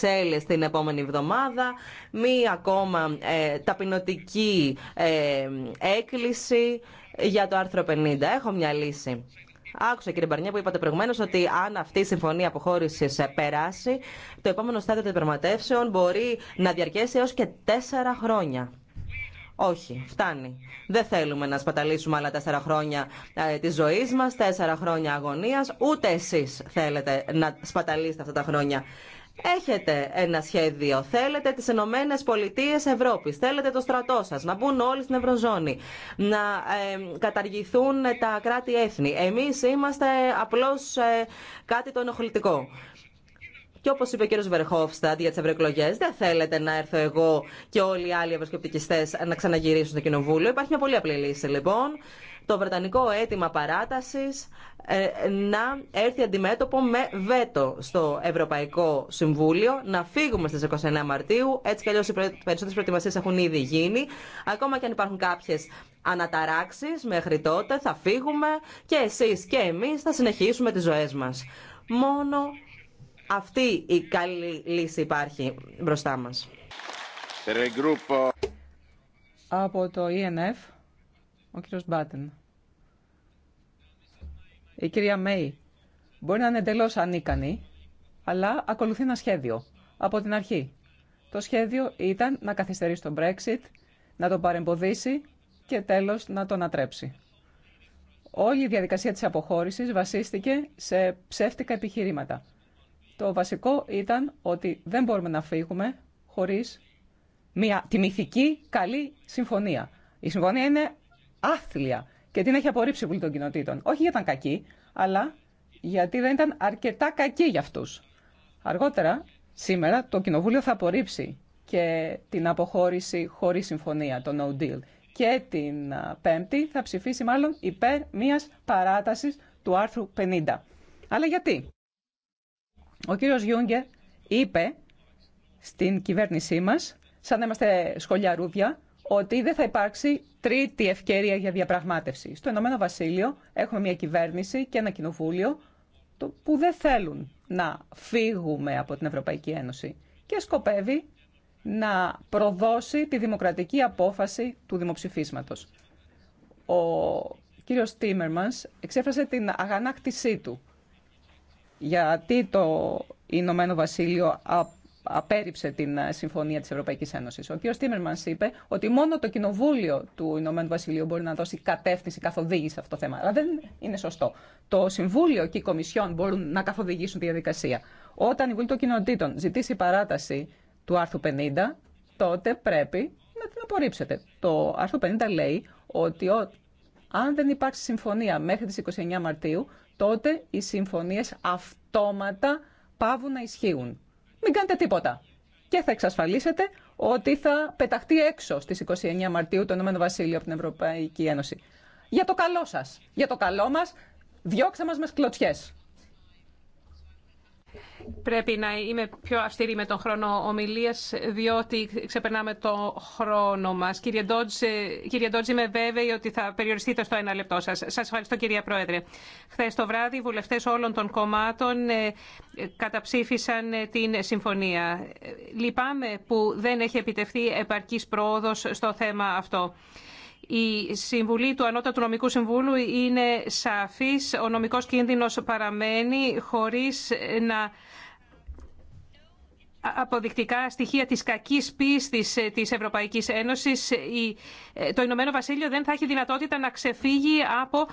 Βρυξέλλες την επόμενη εβδομάδα, μία ακόμα ε, ταπεινωτική ε, έκκληση για το άρθρο 50. Έχω μια λύση. Άκουσα κύριε Μπαρνιέ, που είπατε προηγουμένω ότι αν αυτή η συμφωνία αποχώρηση ε, περάσει, το επόμενο στάδιο των διαπραγματεύσεων μπορεί να διαρκέσει έω και τέσσερα χρόνια. Όχι, φτάνει. Δεν θέλουμε να σπαταλήσουμε άλλα τέσσερα χρόνια ε, τη ζωή μα, τέσσερα χρόνια αγωνία. Ούτε εσεί θέλετε να σπαταλήσετε αυτά τα χρόνια. Έχετε ένα σχέδιο. Θέλετε τι Ηνωμένε Πολιτείε Ευρώπη. Θέλετε το στρατό σα να μπουν όλοι στην Ευρωζώνη. Να καταργηθούν τα κράτη-έθνη. Εμεί είμαστε απλώ ε, κάτι το ενοχλητικό. Και όπω είπε ο κ. Βερχόφσταντ για τι ευρωεκλογέ, δεν θέλετε να έρθω εγώ και όλοι οι άλλοι ευρωσκεπτικιστέ να ξαναγυρίσουν στο Κοινοβούλιο. Υπάρχει μια πολύ απλή λύση λοιπόν το Βρετανικό αίτημα παράτασης ε, να έρθει αντιμέτωπο με βέτο στο Ευρωπαϊκό Συμβούλιο, να φύγουμε στις 29 Μαρτίου. Έτσι κι αλλιώς οι περισσότερες προετοιμασίες έχουν ήδη γίνει. Ακόμα και αν υπάρχουν κάποιες αναταράξεις μέχρι τότε, θα φύγουμε και εσείς και εμείς θα συνεχίσουμε τις ζωές μας. Μόνο αυτή η καλή λύση υπάρχει μπροστά μας. Από το ENF. Ο κύριος Μπάτεν. Η κυρία Μέη μπορεί να είναι εντελώς ανίκανη, αλλά ακολουθεί ένα σχέδιο από την αρχή. Το σχέδιο ήταν να καθυστερήσει τον Brexit, να τον παρεμποδίσει και τέλος να τον ατρέψει. Όλη η διαδικασία της αποχώρησης βασίστηκε σε ψεύτικα επιχειρήματα. Το βασικό ήταν ότι δεν μπορούμε να φύγουμε χωρίς μια, τιμηθική καλή συμφωνία. Η συμφωνία είναι άθλια και την έχει απορρίψει η Βουλή των Κοινοτήτων. Όχι γιατί ήταν κακή, αλλά γιατί δεν ήταν αρκετά κακή για αυτού. Αργότερα, σήμερα, το Κοινοβούλιο θα απορρίψει και την αποχώρηση χωρίς συμφωνία, το no deal. Και την Πέμπτη θα ψηφίσει μάλλον υπέρ μια παράτασης του άρθρου 50. Αλλά γιατί. Ο κύριος Γιούγκερ είπε στην κυβέρνησή μας, σαν να είμαστε σχολιαρούδια, ότι δεν θα υπάρξει τρίτη ευκαιρία για διαπραγμάτευση. Στο Ηνωμένο Βασίλειο έχουμε μια κυβέρνηση και ένα κοινοβούλιο που δεν θέλουν να φύγουμε από την Ευρωπαϊκή Ένωση και σκοπεύει να προδώσει τη δημοκρατική απόφαση του δημοψηφίσματος. Ο κύριος Τίμερμανς εξέφρασε την αγανάκτησή του γιατί το Ηνωμένο Βασίλειο απέρριψε την ε, συμφωνία τη Ευρωπαϊκή Ένωση. Ο κ. Τίμερμαν είπε ότι μόνο το Κοινοβούλιο του Ηνωμένου Βασιλείου μπορεί να δώσει κατεύθυνση, καθοδήγηση σε αυτό το θέμα. Αλλά δεν είναι σωστό. Το Συμβούλιο και η Κομισιόν μπορούν να καθοδηγήσουν τη διαδικασία. Όταν η Βουλή των Κοινοτήτων ζητήσει παράταση του άρθρου 50, τότε πρέπει να την απορρίψετε. Το άρθρο 50 λέει ότι αν δεν υπάρξει συμφωνία μέχρι τις 29 Μαρτίου, τότε οι συμφωνίε αυτόματα πάβουν να ισχύουν μην κάνετε τίποτα. Και θα εξασφαλίσετε ότι θα πεταχτεί έξω στις 29 Μαρτίου το Ηνωμένο Βασίλειο από την Ευρωπαϊκή Ένωση. Για το καλό σας, για το καλό μας, διώξτε μας με σκλωτσιές. Πρέπει να είμαι πιο αυστηρή με τον χρόνο ομιλίας, διότι ξεπερνάμε το χρόνο μας. Κύριε Ντότζ, ε, κύριε είμαι βέβαιη ότι θα περιοριστείτε στο ένα λεπτό σας. Σας ευχαριστώ, κυρία Πρόεδρε. Χθε το βράδυ, οι βουλευτέ όλων των κομμάτων ε, καταψήφισαν ε, την συμφωνία. Λυπάμαι που δεν έχει επιτευχθεί επαρκής πρόοδο στο θέμα αυτό. Η συμβουλή του Ανώτατου Νομικού Συμβούλου είναι σαφής. Ο νομικός κίνδυνος παραμένει χωρίς να αποδεικτικά στοιχεία της κακής πίστης ε, της Ευρωπαϊκής Ένωσης ε, ε, το Ηνωμένο Βασίλειο δεν θα έχει δυνατότητα να ξεφύγει από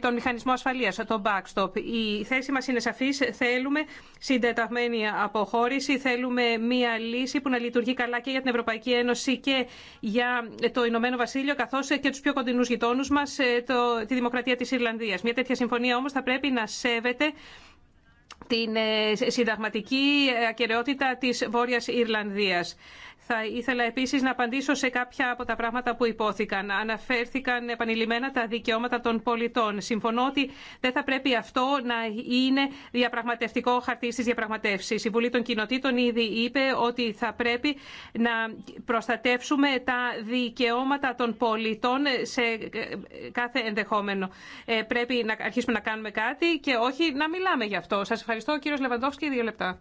τον μηχανισμό ασφαλείας, τον backstop. Η θέση μας είναι σαφής. Θέλουμε συντεταγμένη αποχώρηση, θέλουμε μία λύση που να λειτουργεί καλά και για την Ευρωπαϊκή Ένωση και για το Ηνωμένο Βασίλειο, καθώς και τους πιο κοντινούς γειτόνους μας, τη Δημοκρατία της Ιρλανδίας. Μια τέτοια συμφωνία όμως θα πρέπει να σέβεται την ε, συνταγματική ακαιρεότητα της Βόρειας Ιρλανδίας. Θα ήθελα επίσης να απαντήσω σε κάποια από τα πράγματα που υπόθηκαν. Αναφέρθηκαν επανειλημμένα τα δικαιώματα των πολιτών. Συμφωνώ ότι δεν θα πρέπει αυτό να είναι διαπραγματευτικό χαρτί στις διαπραγματεύσεις. Η Βουλή των Κοινοτήτων ήδη είπε ότι θα πρέπει να προστατεύσουμε τα δικαιώματα των πολιτών σε κάθε ενδεχόμενο. Ε, πρέπει να αρχίσουμε να κάνουμε κάτι και όχι να μιλάμε γι' αυτό. Σας ευχαριστώ κύριο Λεβαντόφσκι, δύο λεπτά.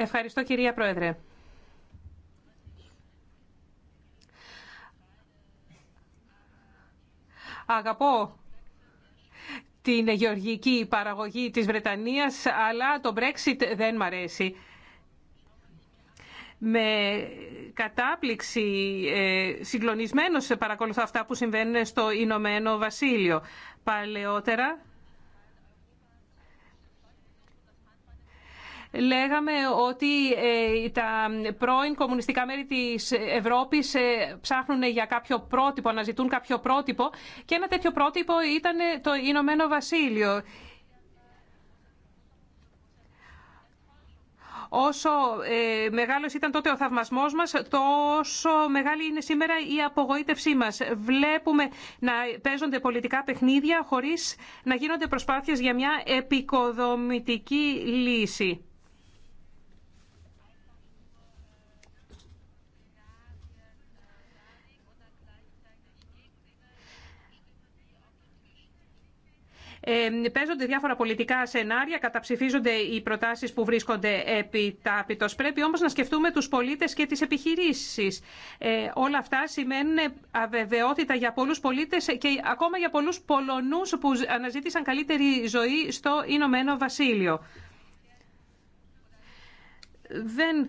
Ευχαριστώ κυρία Πρόεδρε. Αγαπώ την γεωργική παραγωγή της Βρετανίας, αλλά το Brexit δεν μ' αρέσει. Με κατάπληξη ε, συγκλονισμένος παρακολουθώ αυτά που συμβαίνουν στο Ηνωμένο Βασίλειο. Παλαιότερα λέγαμε ότι ε, τα πρώην κομμουνιστικά μέρη της Ευρώπης ε, ψάχνουν για κάποιο πρότυπο, αναζητούν κάποιο πρότυπο και ένα τέτοιο πρότυπο ήταν το Ηνωμένο Βασίλειο. Όσο ε, μεγάλος ήταν τότε ο θαυμασμός μας, τόσο μεγάλη είναι σήμερα η απογοήτευσή μας. Βλέπουμε να παίζονται πολιτικά παιχνίδια χωρίς να γίνονται προσπάθειες για μια επικοδομητική λύση. παίζονται διάφορα πολιτικά σενάρια, καταψηφίζονται οι προτάσεις που βρίσκονται επί τάπητο. Πρέπει όμως να σκεφτούμε τους πολίτες και τις επιχειρήσεις. Ε, όλα αυτά σημαίνουν αβεβαιότητα για πολλού πολίτες και ακόμα για πολλούς Πολωνούς που αναζήτησαν καλύτερη ζωή στο Ηνωμένο Βασίλειο. Δεν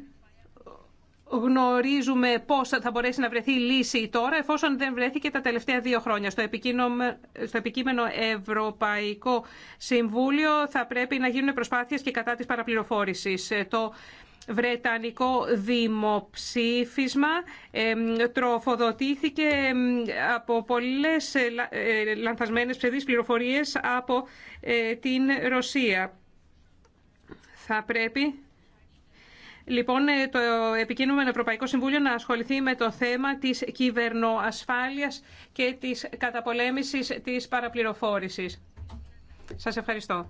γνωρίζουμε πώ θα μπορέσει να βρεθεί λύση τώρα, εφόσον δεν βρέθηκε τα τελευταία δύο χρόνια. Στο, στο επικείμενο Ευρωπαϊκό Συμβούλιο θα πρέπει να γίνουν προσπάθειες και κατά τη παραπληροφόρησης. Το Βρετανικό δημοψήφισμα τροφοδοτήθηκε από πολλές ε, ε, λανθασμένες ψευδείς πληροφορίες από ε, την Ρωσία. Θα πρέπει λοιπόν ε, το επικίνδυνο Ευρωπαϊκό Συμβούλιο να ασχοληθεί με το θέμα της κυβερνοασφάλειας και της καταπολέμησης της παραπληροφόρησης. Σας ευχαριστώ.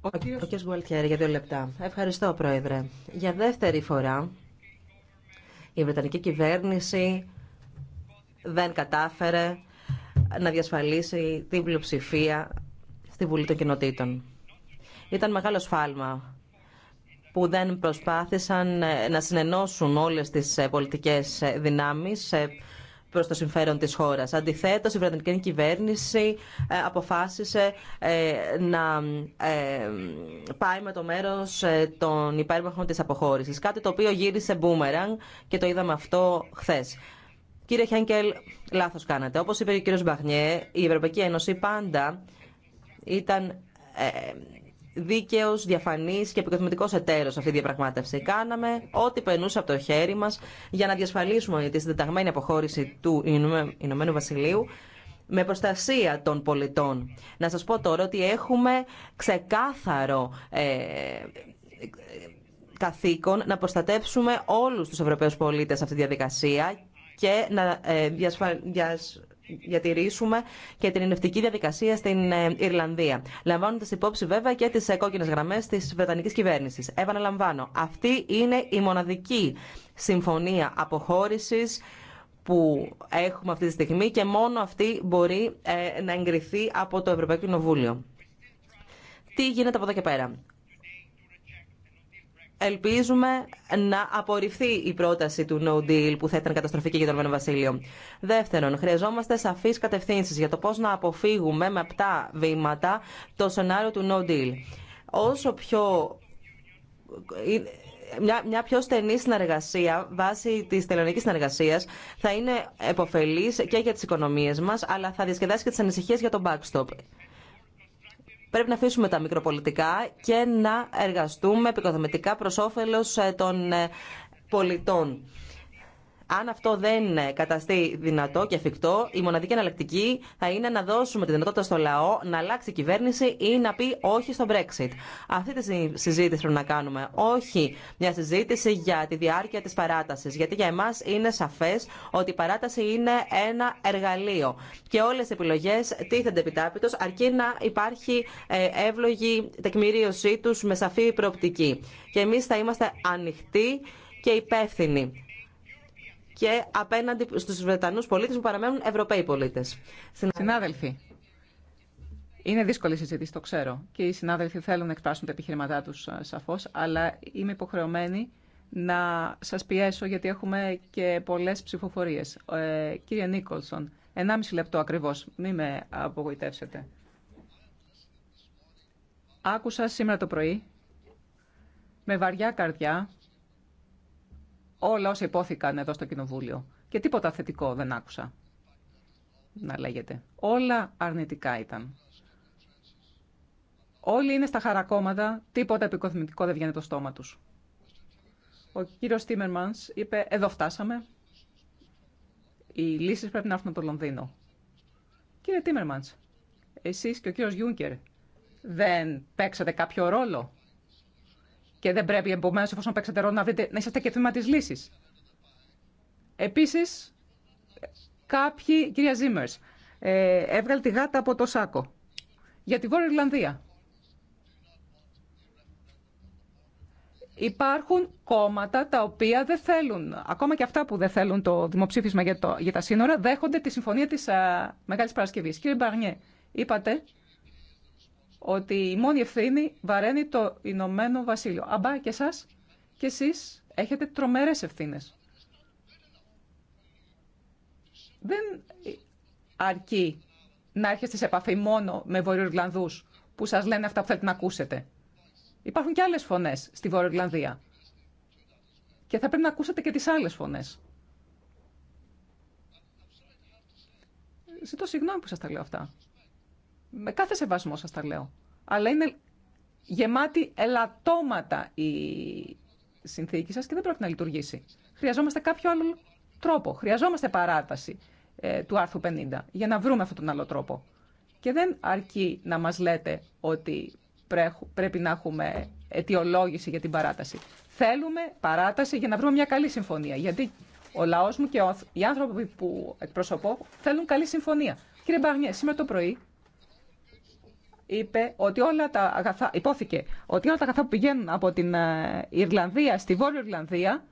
Ο κ. Γουαλτιέρη για δύο λεπτά. Ευχαριστώ, Πρόεδρε. Για δεύτερη φορά η Βρετανική κυβέρνηση δεν κατάφερε να διασφαλίσει την πλειοψηφία στη Βουλή των Κοινοτήτων. Ήταν μεγάλο σφάλμα που δεν προσπάθησαν ε, να συνενώσουν όλες τις ε, πολιτικές ε, δυνάμεις προς το συμφέρον της χώρας. Αντιθέτως, η Βρετανική κυβέρνηση αποφάσισε να πάει με το μέρος των υπέρμαχων της αποχώρησης. Κάτι το οποίο γύρισε μπούμερανγκ και το είδαμε αυτό χθες. Κύριε Χένκελ, λάθος κάνατε. Όπως είπε ο κύριος Μπαχνιέ, η Ευρωπαϊκή Ένωση πάντα ήταν Δίκαιο, διαφανής και επικοδομητικός εταίρος αυτή τη διαπραγμάτευση. Κάναμε ό,τι περνούσε από το χέρι μας για να διασφαλίσουμε τη συντεταγμένη αποχώρηση του Ηνωμένου Βασιλείου με προστασία των πολιτών. Να σας πω τώρα ότι έχουμε ξεκάθαρο ε, καθήκον να προστατεύσουμε όλους τους Ευρωπαίους πολίτες σε αυτή τη διαδικασία και να ε, διασφαλίσουμε διατηρήσουμε και την ενευτική διαδικασία στην ε, Ιρλανδία. Λαμβάνοντα υπόψη βέβαια και τι ε, κόκκινε γραμμέ τη Βρετανική κυβέρνηση. Επαναλαμβάνω, αυτή είναι η μοναδική συμφωνία αποχώρηση που έχουμε αυτή τη στιγμή και μόνο αυτή μπορεί ε, να εγκριθεί από το Ευρωπαϊκό Κοινοβούλιο. Τι γίνεται από εδώ και πέρα ελπίζουμε να απορριφθεί η πρόταση του No Deal που θα ήταν καταστροφική για τον Βασίλειο. Δεύτερον, χρειαζόμαστε σαφεί κατευθύνσει για το πώ να αποφύγουμε με αυτά βήματα το σενάριο του No Deal. Όσο πιο. Ε, μια, πιο στενή συνεργασία βάσει τη τελωνική συνεργασία θα είναι επωφελή και για τι οικονομίε μα, αλλά θα διασκεδάσει και τι ανησυχίε για τον backstop. Πρέπει να αφήσουμε τα μικροπολιτικά και να εργαστούμε επικοδομητικά προς όφελος ε, των ε, πολιτών. Αν αυτό δεν καταστεί δυνατό και εφικτό, η μοναδική εναλλακτική θα είναι να δώσουμε τη δυνατότητα στο λαό να αλλάξει η κυβέρνηση ή να πει όχι στο Brexit. Αυτή τη συζήτηση πρέπει να κάνουμε. Όχι μια συζήτηση για τη διάρκεια τη παράταση. Γιατί για εμά είναι σαφέ ότι η παράταση είναι ένα εργαλείο. Και όλε οι επιλογέ τίθενται επιτάπητο, αρκεί να υπάρχει ε, εύλογη τεκμηρίωσή του με σαφή προοπτική. Και εμεί θα είμαστε ανοιχτοί και υπεύθυνοι και απέναντι στους Βρετανούς πολίτες που παραμένουν Ευρωπαίοι πολίτες. Συνάδελφοι, είναι δύσκολη συζήτηση, το ξέρω. Και οι συνάδελφοι θέλουν να εκφράσουν τα επιχειρηματά τους σαφώς, αλλά είμαι υποχρεωμένη να σας πιέσω γιατί έχουμε και πολλές ψηφοφορίες. Ε, κύριε Νίκολσον, 1,5 λεπτό ακριβώς, μην με απογοητεύσετε. Άκουσα σήμερα το πρωί, με βαριά καρδιά, όλα όσα υπόθηκαν εδώ στο Κοινοβούλιο. Και τίποτα θετικό δεν άκουσα να λέγεται. Όλα αρνητικά ήταν. Όλοι είναι στα χαρακόμματα, τίποτα επικοδημητικό δεν βγαίνει το στόμα τους. Ο κύριος Τίμερμανς είπε, εδώ φτάσαμε, οι λύσεις πρέπει να έρθουν από το Λονδίνο. Κύριε Τίμερμανς, εσείς και ο κύριος Γιούνκερ δεν παίξατε κάποιο ρόλο και δεν πρέπει επομένω, εφόσον παίξετε ρόλο, να, βρείτε, να είσαστε και θύμα τη λύση. Επίση, κάποιοι, κυρία Ζήμερ, ε, έβγαλε τη γάτα από το σάκο για τη Βόρεια Ιρλανδία. Υπάρχουν κόμματα τα οποία δεν θέλουν, ακόμα και αυτά που δεν θέλουν το δημοψήφισμα για, το, για τα σύνορα, δέχονται τη συμφωνία της α, ε, Μεγάλης Παρασκευής. Κύριε Μπαρνιέ, είπατε ότι η μόνη ευθύνη βαραίνει το Ηνωμένο Βασίλειο. Αμπά και εσάς και εσεί έχετε τρομερές ευθύνε. Δεν αρκεί να έρχεστε σε επαφή μόνο με Βορειοϊρλανδού που σας λένε αυτά που θέλετε να ακούσετε. Υπάρχουν και άλλες φωνές στη Βορειοϊρλανδία. Και θα πρέπει να ακούσετε και τις άλλες φωνές. Ζητώ συγγνώμη που σας τα λέω αυτά. Με κάθε σεβασμό σας τα λέω. Αλλά είναι γεμάτη ελαττώματα η συνθήκη σας και δεν πρέπει να λειτουργήσει. Χρειαζόμαστε κάποιο άλλο τρόπο. Χρειαζόμαστε παράταση ε, του άρθρου 50 για να βρούμε αυτόν τον άλλο τρόπο. Και δεν αρκεί να μας λέτε ότι πρέπει να έχουμε αιτιολόγηση για την παράταση. Θέλουμε παράταση για να βρούμε μια καλή συμφωνία. Γιατί ο λαό μου και οι άνθρωποι που εκπροσωπώ θέλουν καλή συμφωνία. Κύριε Μπαγνιέ, σήμερα το πρωί είπε ότι όλα τα αγαθά, υπόθηκε ότι όλα τα αγαθά που πηγαίνουν από την ε, Ιρλανδία στη Βόρεια Ιρλανδία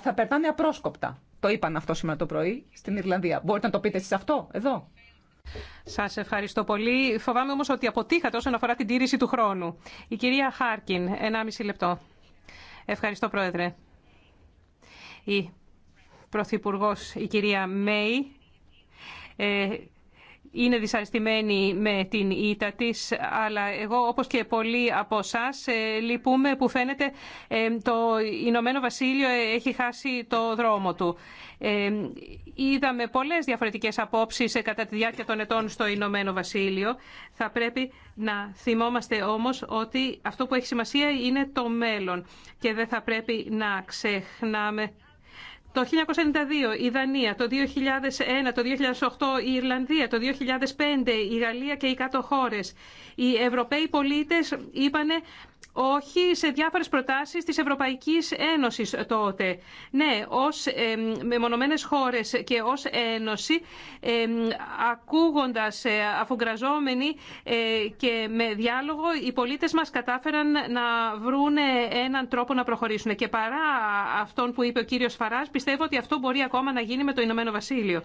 θα περνάνε απρόσκοπτα. Το είπαν αυτό σήμερα το πρωί στην Ιρλανδία. Μπορείτε να το πείτε εσείς αυτό εδώ. Σας ευχαριστώ πολύ. Φοβάμαι όμως ότι αποτύχατε όσον αφορά την τήρηση του χρόνου. Η κυρία Χάρκιν, 1,5 λεπτό. Ευχαριστώ, Πρόεδρε. Η Πρωθυπουργό, η κυρία Μέη, ε, είναι δυσαρεστημένη με την ήττα της, αλλά εγώ όπως και πολλοί από εσά λυπούμε που φαίνεται ε, το Ηνωμένο Βασίλειο ε, έχει χάσει το δρόμο του. Ε, είδαμε πολλές διαφορετικές απόψεις κατά τη διάρκεια των ετών στο Ηνωμένο Βασίλειο. Θα πρέπει να θυμόμαστε όμως ότι αυτό που έχει σημασία είναι το μέλλον και δεν θα πρέπει να ξεχνάμε το 1992 η Δανία, το 2001, το 2008 η Ιρλανδία, το 2005 η Γαλλία και οι κάτω χώρες. Οι Ευρωπαίοι πολίτες είπανε όχι σε διάφορες προτάσεις της Ευρωπαϊκής Ένωσης τότε. Ναι, ως ε, μεμονωμένες χώρες και ως Ένωση, ε, ακούγοντας, ε, αφουγκραζόμενοι ε, και με διάλογο, οι πολίτες μας κατάφεραν να βρουν έναν τρόπο να προχωρήσουν. Και παρά αυτόν που είπε ο κύριος Φαράς, πιστεύω ότι αυτό μπορεί ακόμα να γίνει με το Ηνωμένο Βασίλειο.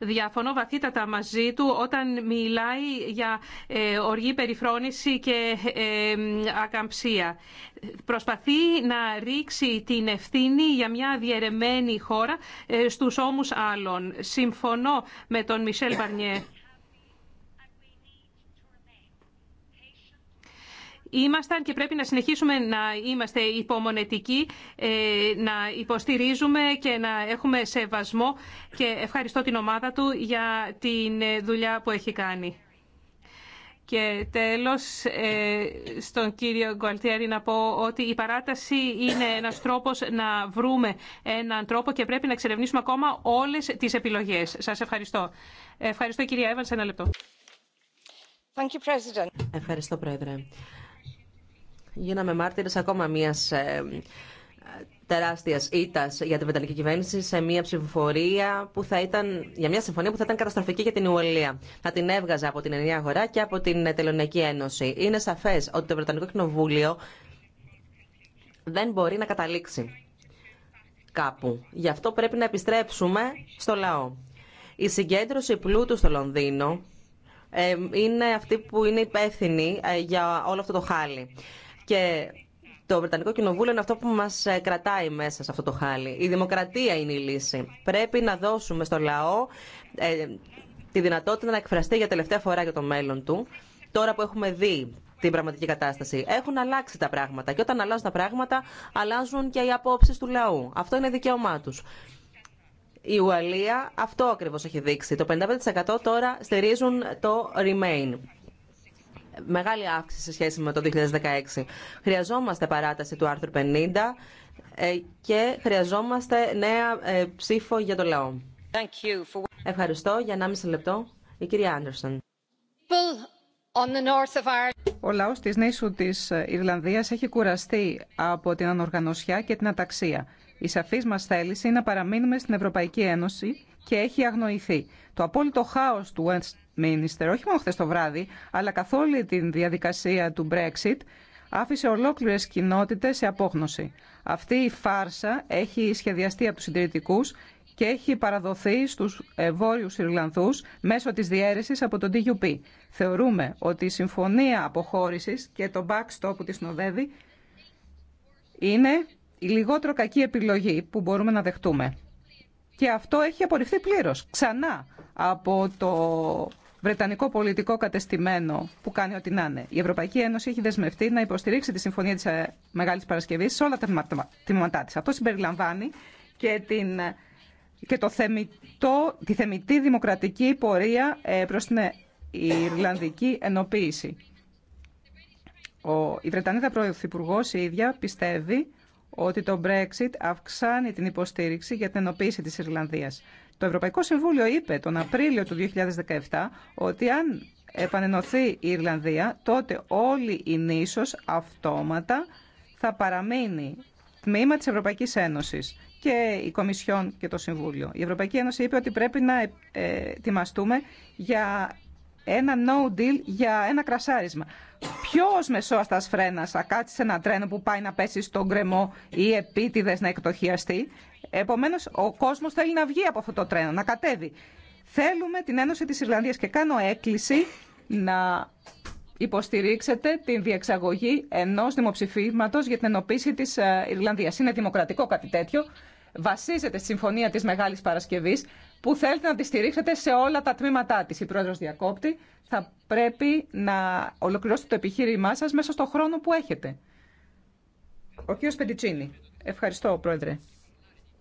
Διαφωνώ βαθύτατα μαζί του όταν μιλάει για ε, οργή περιφρόνηση και ε, ακαμψία. Προσπαθεί να ρίξει την ευθύνη για μια διαιρεμένη χώρα ε, στους ώμους άλλων. Συμφωνώ με τον Μισελ Μπαρνιέ ήμασταν και πρέπει να συνεχίσουμε να είμαστε υπομονετικοί, ε, να υποστηρίζουμε και να έχουμε σεβασμό και ευχαριστώ την ομάδα του για την ε, δουλειά που έχει κάνει. Και τέλος, ε, στον κύριο Γκουαλτιέρη να πω ότι η παράταση είναι ένας τρόπος να βρούμε έναν τρόπο και πρέπει να εξερευνήσουμε ακόμα όλες τις επιλογές. Σας ευχαριστώ. Ευχαριστώ κυρία Εύαν, σε ένα λεπτό. Ευχαριστώ, Πρόεδρε γίναμε μάρτυρες ακόμα μιας ε, τεράστιας ήττας για την Βρετανική κυβέρνηση σε μια ψηφοφορία που θα ήταν, για μια συμφωνία που θα ήταν καταστροφική για την Ουαλία. Θα την έβγαζε από την Ενιαία Αγορά και από την Τελωνιακή Ένωση. Είναι σαφές ότι το Βρετανικό Κοινοβούλιο δεν μπορεί να καταλήξει κάπου. Γι' αυτό πρέπει να επιστρέψουμε στο λαό. Η συγκέντρωση πλούτου στο Λονδίνο ε, είναι αυτή που είναι υπεύθυνη ε, για όλο αυτό το χάλι. Και το Βρετανικό Κοινοβούλιο είναι αυτό που μα ε, κρατάει μέσα σε αυτό το χάλι. Η δημοκρατία είναι η λύση. Πρέπει να δώσουμε στο λαό ε, τη δυνατότητα να εκφραστεί για τελευταία φορά για το μέλλον του. Τώρα που έχουμε δει την πραγματική κατάσταση. Έχουν αλλάξει τα πράγματα. Και όταν αλλάζουν τα πράγματα, αλλάζουν και οι απόψει του λαού. Αυτό είναι δικαίωμά του. Η Ουαλία αυτό ακριβώς έχει δείξει. Το 55% τώρα στηρίζουν το Remain μεγάλη αύξηση σε σχέση με το 2016. Χρειαζόμαστε παράταση του άρθρου 50 ε, και χρειαζόμαστε νέα ε, ψήφο για το λαό. Ευχαριστώ. Για 1,5 λεπτό, η κυρία Άντερσον. Ο λαός της νήσου της ε, Ιρλανδίας έχει κουραστεί από την ανοργανωσιά και την αταξία. Η σαφής μας θέληση είναι να παραμείνουμε στην Ευρωπαϊκή Ένωση και έχει αγνοηθεί. Το απόλυτο χάο του όχι μόνο χθε το βράδυ, αλλά καθ' όλη τη διαδικασία του Brexit, άφησε κοινότητε ή απόχνωση. Αυτή σε απόγνωση. Αυτή η φάρσα έχει σχεδιαστεί από του συντηρητικού και έχει παραδοθεί στους ε, Βόρειους Ιρλανδούς μέσω της διαίρεσης από τον DUP. Θεωρούμε ότι η συμφωνία αποχώρησης και το backstop που τη συνοδεύει είναι η λιγότερο κακή επιλογή που μπορούμε να δεχτούμε. Και αυτό έχει απορριφθεί πλήρως, ξανά από το βρετανικό πολιτικό κατεστημένο που κάνει ό,τι να είναι. Η Ευρωπαϊκή Ένωση έχει δεσμευτεί να υποστηρίξει τη Συμφωνία τη ε, Μεγάλη Παρασκευή σε όλα τα τμήματά τη. Αυτό συμπεριλαμβάνει και, την, και το θεμητό, τη θεμητή δημοκρατική πορεία ε, προς την ε, Ιρλανδική ενοποίηση. Ο, η Βρετανίδα Πρωθυπουργό η ίδια πιστεύει ότι το Brexit αυξάνει την υποστήριξη για την ενοποίηση της Ιρλανδίας. Το Ευρωπαϊκό Συμβούλιο είπε τον Απρίλιο του 2017 ότι αν επανενωθεί η Ιρλανδία, τότε όλη η νήσος αυτόματα θα παραμείνει τμήμα της Ευρωπαϊκής Ένωσης και η Κομισιόν και το Συμβούλιο. Η Ευρωπαϊκή Ένωση είπε ότι πρέπει να ε, ετοιμαστούμε για ένα no deal για ένα κρασάρισμα. Ποιο μεσόαστα φρένα θα κάτσει σε ένα τρένο που πάει να πέσει στον κρεμό ή επίτηδε να εκτοχιαστεί. Επομένω, ο κόσμο θέλει να βγει από αυτό το τρένο, να κατέβει. Θέλουμε την Ένωση τη Ιρλανδία και κάνω έκκληση να υποστηρίξετε την διεξαγωγή ενό δημοψηφίσματο για την ενοποίηση τη ε, Ιρλανδία. Είναι δημοκρατικό κάτι τέτοιο. Βασίζεται στη συμφωνία τη Μεγάλη Παρασκευή που θέλετε να τη στηρίξετε σε όλα τα τμήματά της. Η πρόεδρο διακόπτη θα πρέπει να ολοκληρώσετε το επιχείρημά σας μέσα στο χρόνο που έχετε. Ο κύριο Πεντιτσίνη. Ευχαριστώ, Πρόεδρε.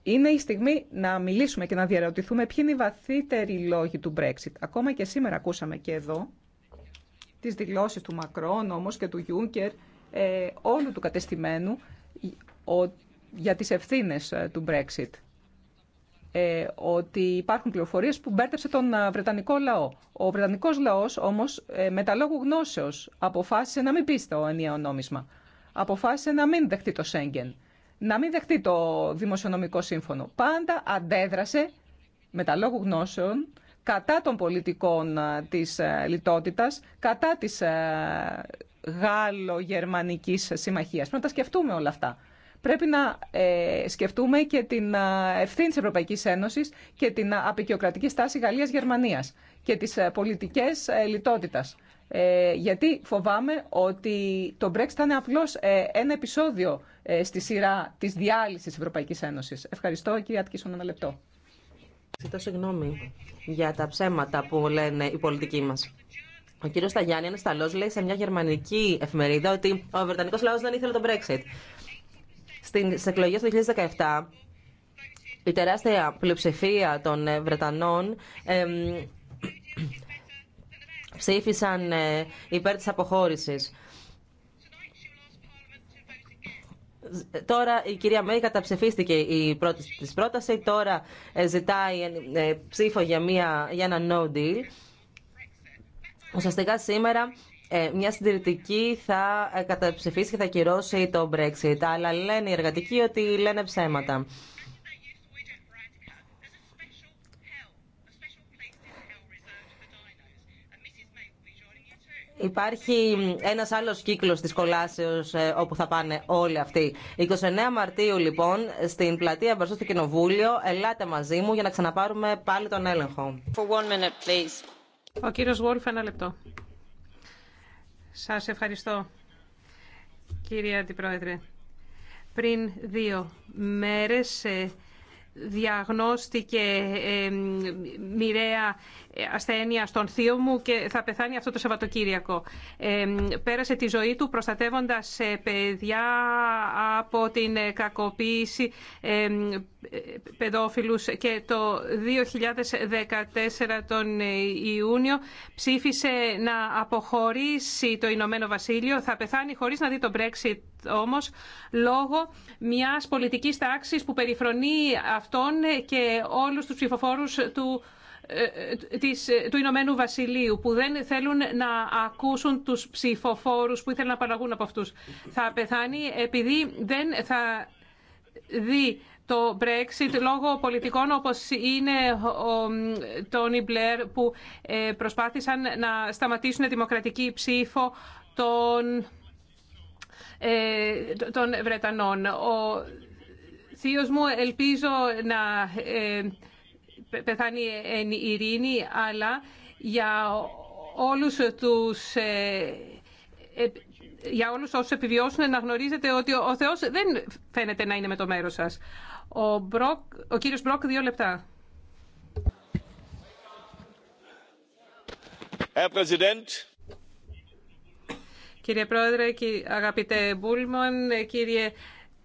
Είναι η στιγμή να μιλήσουμε και να διαρωτηθούμε ποιοι είναι οι βαθύτεροι λόγοι του Brexit. Ακόμα και σήμερα ακούσαμε και εδώ τις δηλώσεις του Μακρόν όμως και του Γιούνκερ ε, όλου του κατεστημένου για τις ευθύνες ε, του Brexit. Ε, ότι υπάρχουν πληροφορίε που μπέρτεψε τον ε, Βρετανικό λαό. Ο Βρετανικός λαός όμως ε, με τα λόγου γνώσεως αποφάσισε να μην πει στο ενιαίο νόμισμα. Αποφάσισε να μην δεχτεί το Σέγγεν, να μην δεχτεί το Δημοσιονομικό Σύμφωνο. Πάντα αντέδρασε με τα λόγου γνώσεων κατά των πολιτικών της λιτότητας, κατά της Γάλλο-Γερμανικής Συμμαχίας. Πρέπει να τα σκεφτούμε όλα αυτά. Πρέπει να ε, σκεφτούμε και την ε, ευθύνη της Ευρωπαϊκής Ένωσης και την ε, απεικιοκρατική στάση Γαλλίας-Γερμανίας και τις πολιτικές λιτότητας. γιατί φοβάμαι ότι το Brexit θα είναι απλώς ένα επεισόδιο στη σειρά της διάλυσης της Ευρωπαϊκής Ένωσης. Ευχαριστώ, κύριε Ατκίσον, ένα λεπτό. Ζητώ συγγνώμη για τα ψέματα που λένε οι πολιτικοί μας. Ο κύριος Σταγιάννη, ένας σταλός, λέει σε μια γερμανική εφημερίδα ότι ο Βρετανικός λαός δεν ήθελε τον Brexit. Στις εκλογές του 2017, η τεράστια πλειοψηφία των ε, Βρετανών ψήφισαν ε, υπέρ της αποχώρησης. Τώρα η κυρία Μέη καταψηφίστηκε η πρώτη της πρόταση, τώρα ε, ζητάει ψήφο για, μια, για ένα no deal. Ουσιαστικά σήμερα ε, μια συντηρητική θα ε, καταψηφίσει και θα κυρώσει το Brexit. Αλλά λένε οι εργατικοί ότι λένε ψέματα. Υπάρχει ένα άλλο κύκλο τη κολάσεω ε, όπου θα πάνε όλοι αυτοί. 29 Μαρτίου, λοιπόν, στην πλατεία μπροστά στο Κοινοβούλιο, ελάτε μαζί μου για να ξαναπάρουμε πάλι τον έλεγχο. Ο κύριο Βόλφ, ένα λεπτό. Σας ευχαριστώ, κύριε Αντιπρόεδρε. Πριν δύο μέρες ε, διαγνώστηκε ε, μοιραία ασθένεια στον θείο μου και θα πεθάνει αυτό το Σαββατοκύριακο. Ε, πέρασε τη ζωή του προστατεύοντας ε, παιδιά από την κακοποίηση παιδόφιλους και το 2014 τον Ιούνιο ψήφισε να αποχωρήσει το Ηνωμένο Βασίλειο. Θα πεθάνει χωρίς να δει το Brexit όμως λόγω μιας πολιτικής τάξης που περιφρονεί αυτόν και όλους τους ψηφοφόρους του ε, ε, της, ε, του Ηνωμένου Βασιλείου που δεν θέλουν να ακούσουν τους ψηφοφόρους που ήθελαν να παραγούν από αυτούς. Θα πεθάνει επειδή δεν θα δει το Brexit λόγω πολιτικών όπως είναι ο Τόνι Μπλερ που προσπάθησαν να σταματήσουν δημοκρατική ψήφο των ε, των Βρετανών. Ο θείο μου ελπίζω να ε, πεθάνει εν ειρήνη, αλλά για όλους τους ε, για όλους όσους επιβιώσουν να γνωρίζετε ότι ο Θεός δεν φαίνεται να είναι με το μέρος σας. Ο, Μπροκ, ο κύριος Μπροκ, δύο λεπτά. Κύριε Πρόεδρε, αγαπητέ Μπούλμαν, κύριε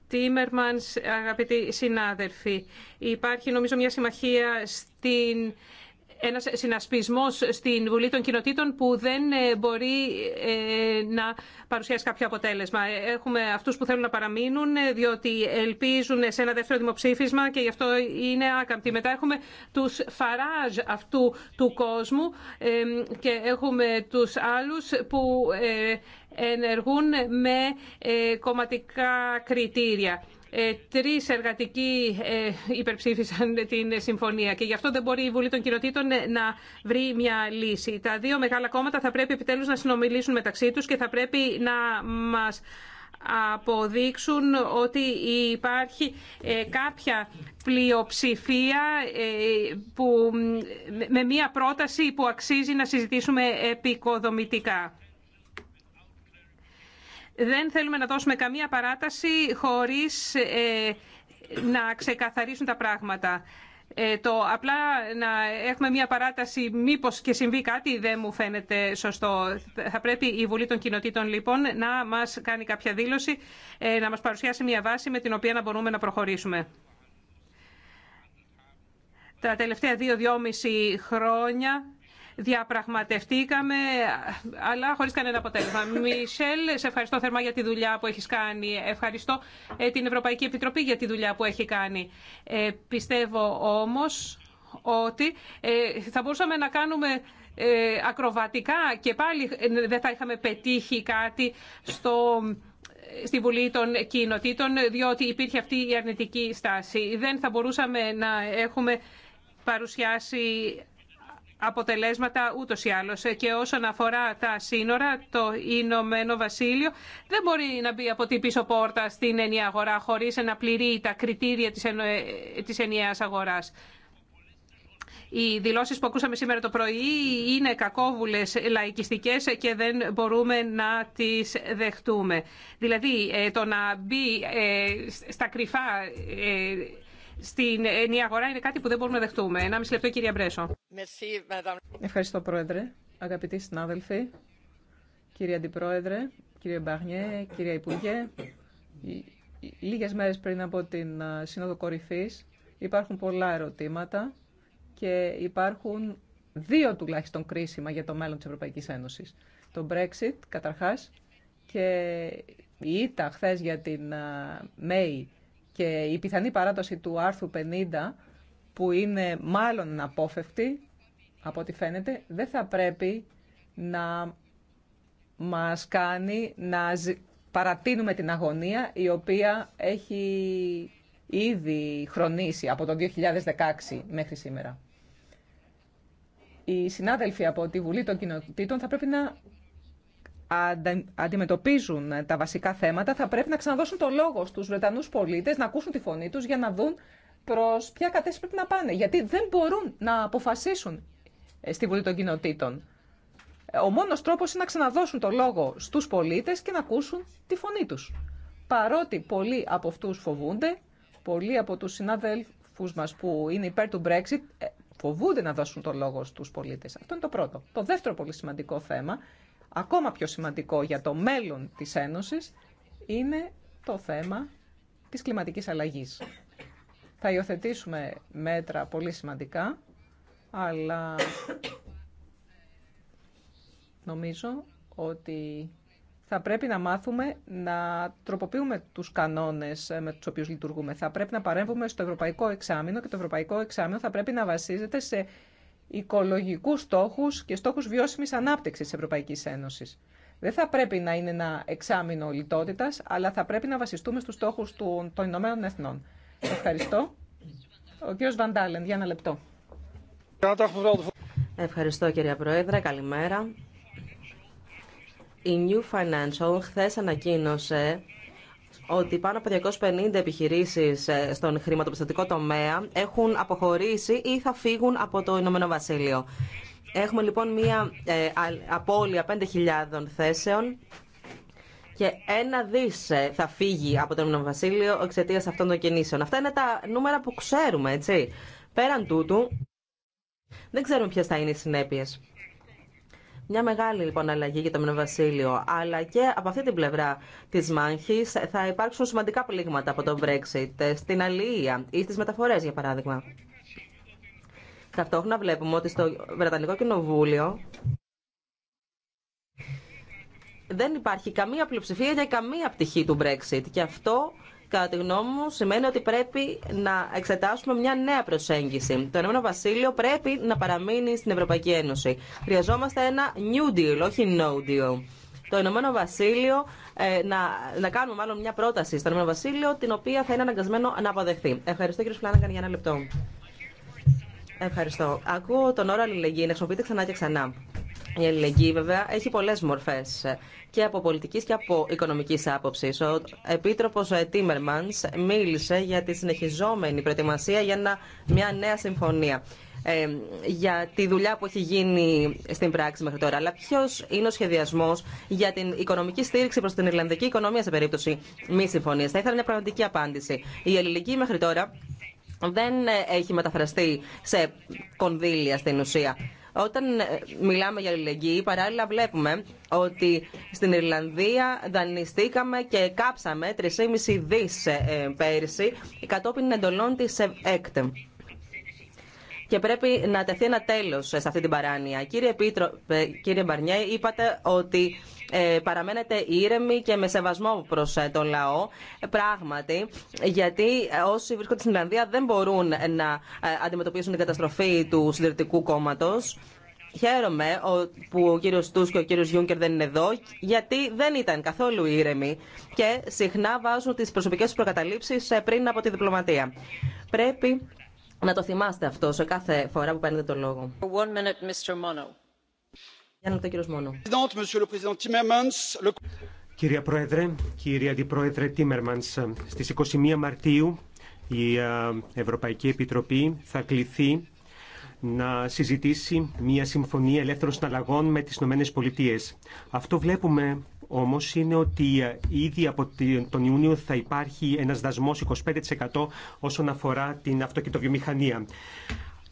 Τίμερμανς, αγαπητοί συνάδελφοι. Υπάρχει νομίζω μια συμμαχία στην ένα συνασπισμό στην Βουλή των Κοινοτήτων που δεν ε, μπορεί ε, να παρουσιάσει κάποιο αποτέλεσμα. Ε, έχουμε αυτούς που θέλουν να παραμείνουν διότι ελπίζουν σε ένα δεύτερο δημοψήφισμα και γι' αυτό είναι άκαμπτοι. Μετά έχουμε του φαράζ αυτού του κόσμου και έχουμε τους άλλους που ενεργούν με κομματικά κριτήρια. Ε, τρεις εργατικοί ε, υπερψήφισαν την συμφωνία και γι' αυτό δεν μπορεί η Βουλή των Κοινοτήτων ε, να βρει μια λύση. Τα δύο μεγάλα κόμματα θα πρέπει επιτέλους να συνομιλήσουν μεταξύ τους και θα πρέπει να μας αποδείξουν ότι υπάρχει κάποια πλειοψηφία που, με μια πρόταση που αξίζει να συζητήσουμε επικοδομητικά. Δεν θέλουμε να δώσουμε καμία παράταση χωρίς ε, να ξεκαθαρίσουν τα πράγματα. Ε, το απλά να έχουμε μια παράταση μήπως και συμβεί κάτι δεν μου φαίνεται σωστό. Θα πρέπει η Βουλή των Κοινοτήτων λοιπόν να μας κάνει κάποια δήλωση, ε, να μας παρουσιάσει μια βάση με την οποία να μπορούμε να προχωρήσουμε. Τα τελευταία δύο-δυόμιση χρόνια διαπραγματευτήκαμε, αλλά χωρί κανένα αποτέλεσμα. Μισελ, σε ευχαριστώ θερμά για τη δουλειά που έχει κάνει. Ευχαριστώ ε, την Ευρωπαϊκή Επιτροπή για τη δουλειά που έχει κάνει. Ε, πιστεύω όμως ότι ε, θα μπορούσαμε να κάνουμε ε, ακροβατικά και πάλι δεν θα είχαμε πετύχει κάτι στο στη Βουλή των Κοινοτήτων, διότι υπήρχε αυτή η αρνητική στάση. Δεν θα μπορούσαμε να έχουμε παρουσιάσει αποτελέσματα ούτω ή άλλω. Και όσον αφορά τα σύνορα, το Ηνωμένο Βασίλειο δεν μπορεί να μπει από την πίσω πόρτα στην ενιαία αγορά χωρίς να πληρεί τα κριτήρια της ενιαίας αγοράς. Οι δηλώσεις που ακούσαμε σήμερα το πρωί είναι κακόβουλες, λαϊκιστικές και δεν μπορούμε να τις δεχτούμε. Δηλαδή, ε, το να μπει ε, στα κρυφά ε, στην ενιαία αγορά είναι κάτι που δεν μπορούμε να δεχτούμε. Ένα μισή λεπτό, κυρία Μπρέσο. Ευχαριστώ, Πρόεδρε. Αγαπητοί συνάδελφοι, κύριε Αντιπρόεδρε, κύριε Μπαγνιέ, κύριε Υπουργέ, λίγες μέρε πριν από την Σύνοδο Κορυφή υπάρχουν πολλά ερωτήματα και υπάρχουν δύο τουλάχιστον κρίσιμα για το μέλλον τη Ευρωπαϊκή Ένωση. Το Brexit, καταρχά, και η ήττα χθε για την Μέη και η πιθανή παράταση του άρθρου 50 που είναι μάλλον απόφευκτη από ό,τι φαίνεται δεν θα πρέπει να μας κάνει να παρατείνουμε την αγωνία η οποία έχει ήδη χρονίσει από το 2016 μέχρι σήμερα. Οι συνάδελφοι από τη Βουλή των Κοινοτήτων θα πρέπει να αντιμετωπίζουν τα βασικά θέματα, θα πρέπει να ξαναδώσουν το λόγο στους Βρετανούς πολίτες, να ακούσουν τη φωνή τους για να δουν προς ποια κατεύθυνση πρέπει να πάνε. Γιατί δεν μπορούν να αποφασίσουν ε, στη Βουλή των Κοινοτήτων. Ο μόνος τρόπος είναι να ξαναδώσουν το λόγο στους πολίτες και να ακούσουν τη φωνή τους. Παρότι πολλοί από αυτούς φοβούνται, πολλοί από τους συνάδελφους μας που είναι υπέρ του Brexit ε, φοβούνται να δώσουν το λόγο στους πολίτες. Αυτό είναι το πρώτο. Το δεύτερο πολύ σημαντικό θέμα ακόμα πιο σημαντικό για το μέλλον της Ένωσης είναι το θέμα της κλιματικής αλλαγής. Θα υιοθετήσουμε μέτρα πολύ σημαντικά, αλλά νομίζω ότι θα πρέπει να μάθουμε να τροποποιούμε τους κανόνες με τους οποίους λειτουργούμε. Θα πρέπει να παρέμβουμε στο ευρωπαϊκό εξάμεινο και το ευρωπαϊκό εξάμεινο θα πρέπει να βασίζεται σε οικολογικούς στόχους και στόχους βιώσιμης ανάπτυξης της Ευρωπαϊκής Ένωσης. Δεν θα πρέπει να είναι ένα εξάμεινο λιτότητας, αλλά θα πρέπει να βασιστούμε στους στόχους των Ηνωμένων Εθνών. Ευχαριστώ. Ο κ. Βαντάλεν, για ένα λεπτό. Ευχαριστώ κυρία Πρόεδρε, καλημέρα. Η New Financial χθε ανακοίνωσε ότι πάνω από 250 επιχειρήσει ε, στον χρηματοπιστωτικό τομέα έχουν αποχωρήσει ή θα φύγουν από το Ηνωμένο Βασίλειο. Έχουμε λοιπόν μία ε, απώλεια 5.000 θέσεων και ένα δι ε, θα φύγει από το Ηνωμένο Βασίλειο εξαιτία αυτών των κινήσεων. Αυτά είναι τα νούμερα που ξέρουμε, έτσι. Πέραν τούτου, δεν ξέρουμε ποιε θα είναι οι συνέπειε. Μια μεγάλη λοιπόν αλλαγή για το Μηνοβασίλειο, αλλά και από αυτή την πλευρά τη μάχη θα υπάρξουν σημαντικά πλήγματα από το Brexit ε, στην αλληλεία ή στι μεταφορέ, για παράδειγμα. Ταυτόχρονα βλέπουμε ότι στο Βρετανικό Κοινοβούλιο δεν υπάρχει καμία πλειοψηφία για καμία πτυχή του Brexit και αυτό κατά τη γνώμη μου, σημαίνει ότι πρέπει να εξετάσουμε μια νέα προσέγγιση. Το Ηνωμένο Βασίλειο πρέπει να παραμείνει στην Ευρωπαϊκή Ένωση. Χρειαζόμαστε ένα new deal, όχι no deal. Το Ηνωμένο Βασίλειο, ε, να, να κάνουμε μάλλον μια πρόταση στο Ηνωμένο Βασίλειο, την οποία θα είναι αναγκασμένο να αποδεχθεί. Ευχαριστώ κύριε Φλάνναγκαν για ένα λεπτό. Ευχαριστώ. Ακούω τον όρο αλληλεγγύη να χρησιμοποιείται ξανά και ξανά. Η αλληλεγγύη βέβαια έχει πολλές μορφές ε, και από πολιτικής και από οικονομικής άποψης. Ο Επίτροπος ε, Τίμερμανς μίλησε για τη συνεχιζόμενη προετοιμασία για μια νέα συμφωνία. Ε, για τη δουλειά που έχει γίνει στην πράξη μέχρι τώρα. Αλλά ποιο είναι ο σχεδιασμό για την οικονομική στήριξη προ την Ιρλανδική οικονομία σε περίπτωση μη συμφωνία. Θα ήθελα μια πραγματική απάντηση. Η ελληνική μέχρι τώρα δεν ε, έχει μεταφραστεί σε κονδύλια στην ουσία. Όταν ε, μιλάμε για αλληλεγγύη, παράλληλα βλέπουμε ότι στην Ιρλανδία δανειστήκαμε και κάψαμε 3,5 δις ε, ε, πέρυσι κατόπιν εντολών της ΕΚΤ και πρέπει να τεθεί ένα τέλο σε αυτή την παράνοια. Κύριε, ε, κύριε Μπαρνιέ, είπατε ότι ε, παραμένετε ήρεμοι και με σεβασμό προ ε, τον λαό. Πράγματι, γιατί όσοι βρίσκονται στην Ιρλανδία δεν μπορούν να αντιμετωπίσουν την καταστροφή του Συντηρητικού Κόμματο. Χαίρομαι που ο κύριο Τούς και ο κύριος Γιούνκερ δεν είναι εδώ, γιατί δεν ήταν καθόλου ήρεμοι και συχνά βάζουν τι προσωπικέ του προκαταλήψει πριν από τη διπλωματία. Πρέπει να το θυμάστε αυτό σε κάθε φορά που παίρνετε το λόγο. One minute, Mr. Μόνο. Κύριε Πρόεδρε, κύριε Αντιπρόεδρε Τίμερμανς, στις 21 Μαρτίου η Ευρωπαϊκή Επιτροπή θα κληθεί να συζητήσει μια συμφωνία ελεύθερων συναλλαγών με τις Ηνωμένε Πολιτείε. Αυτό βλέπουμε όμως είναι ότι ε, ήδη από τον Ιούνιο θα υπάρχει ένας δασμός 25% όσον αφορά την αυτοκινητοβιομηχανία.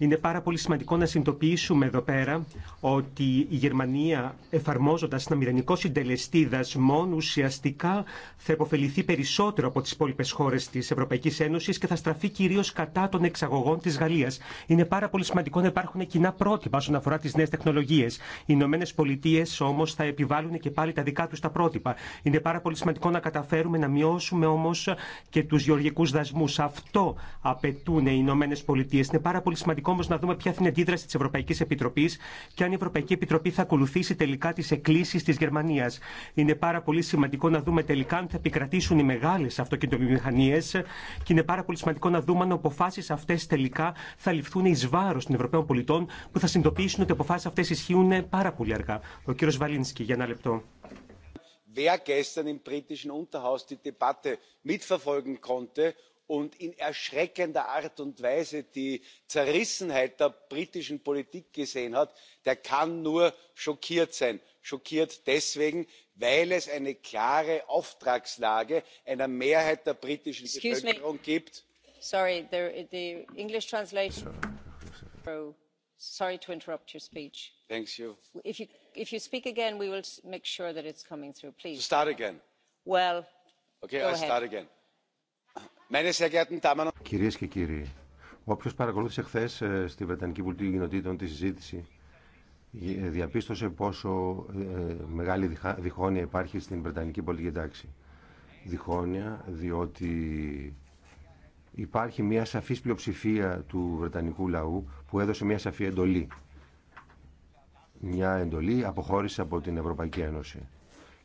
Είναι πάρα πολύ σημαντικό να συνειδητοποιήσουμε εδώ πέρα ότι η Γερμανία εφαρμόζοντας ένα μηδενικό συντελεστή δασμών ουσιαστικά θα υποφεληθεί περισσότερο από τις υπόλοιπε χώρες της Ευρωπαϊκής Ένωσης και θα στραφεί κυρίως κατά των εξαγωγών της Γαλλίας. Είναι πάρα πολύ σημαντικό να υπάρχουν κοινά πρότυπα όσον αφορά τις νέες τεχνολογίες. Οι Ηνωμένε Πολιτείε όμως θα επιβάλλουν και πάλι τα δικά τους τα πρότυπα. Είναι πάρα πολύ σημαντικό να καταφέρουμε να μειώσουμε όμως και τους γεωργικούς δασμούς. Αυτό απαιτούν οι Ηνωμένε Πολιτείε. Είναι πάρα πολύ σημαντικό όμω να δούμε ποια θα είναι η αντίδραση τη Ευρωπαϊκή Επιτροπή και αν η Ευρωπαϊκή Επιτροπή θα ακολουθήσει τελικά τι εκκλήσει τη Γερμανία. Είναι πάρα πολύ σημαντικό να δούμε τελικά αν θα επικρατήσουν οι μεγάλε αυτοκινητοβιομηχανίε και είναι πάρα πολύ σημαντικό να δούμε αν αποφάσει αυτέ τελικά θα ληφθούν ει βάρο των Ευρωπαίων πολιτών που θα συνειδητοποιήσουν ότι οι αποφάσει αυτέ ισχύουν πάρα πολύ αργά. Ο κύριο Βαλίνσκι, για ένα λεπτό. Wer gestern im britischen Unterhaus die Debatte mitverfolgen konnte und in erschreckender art und weise die zerrissenheit der britischen politik gesehen hat der kann nur schockiert sein schockiert deswegen weil es eine klare auftragslage einer mehrheit der britischen bevölkerung gibt Κυρίες και κύριοι, όποιος παρακολούθησε χθε στη Βρετανική Βουλή Γινοτήτων τη συζήτηση ε, διαπίστωσε πόσο ε, μεγάλη διχόνοια υπάρχει στην Βρετανική πολιτική τάξη. Διχόνοια διότι υπάρχει μια σαφής πλειοψηφία του Βρετανικού λαού που έδωσε μια σαφή εντολή. Μια εντολή αποχώρηση από την Ευρωπαϊκή Ένωση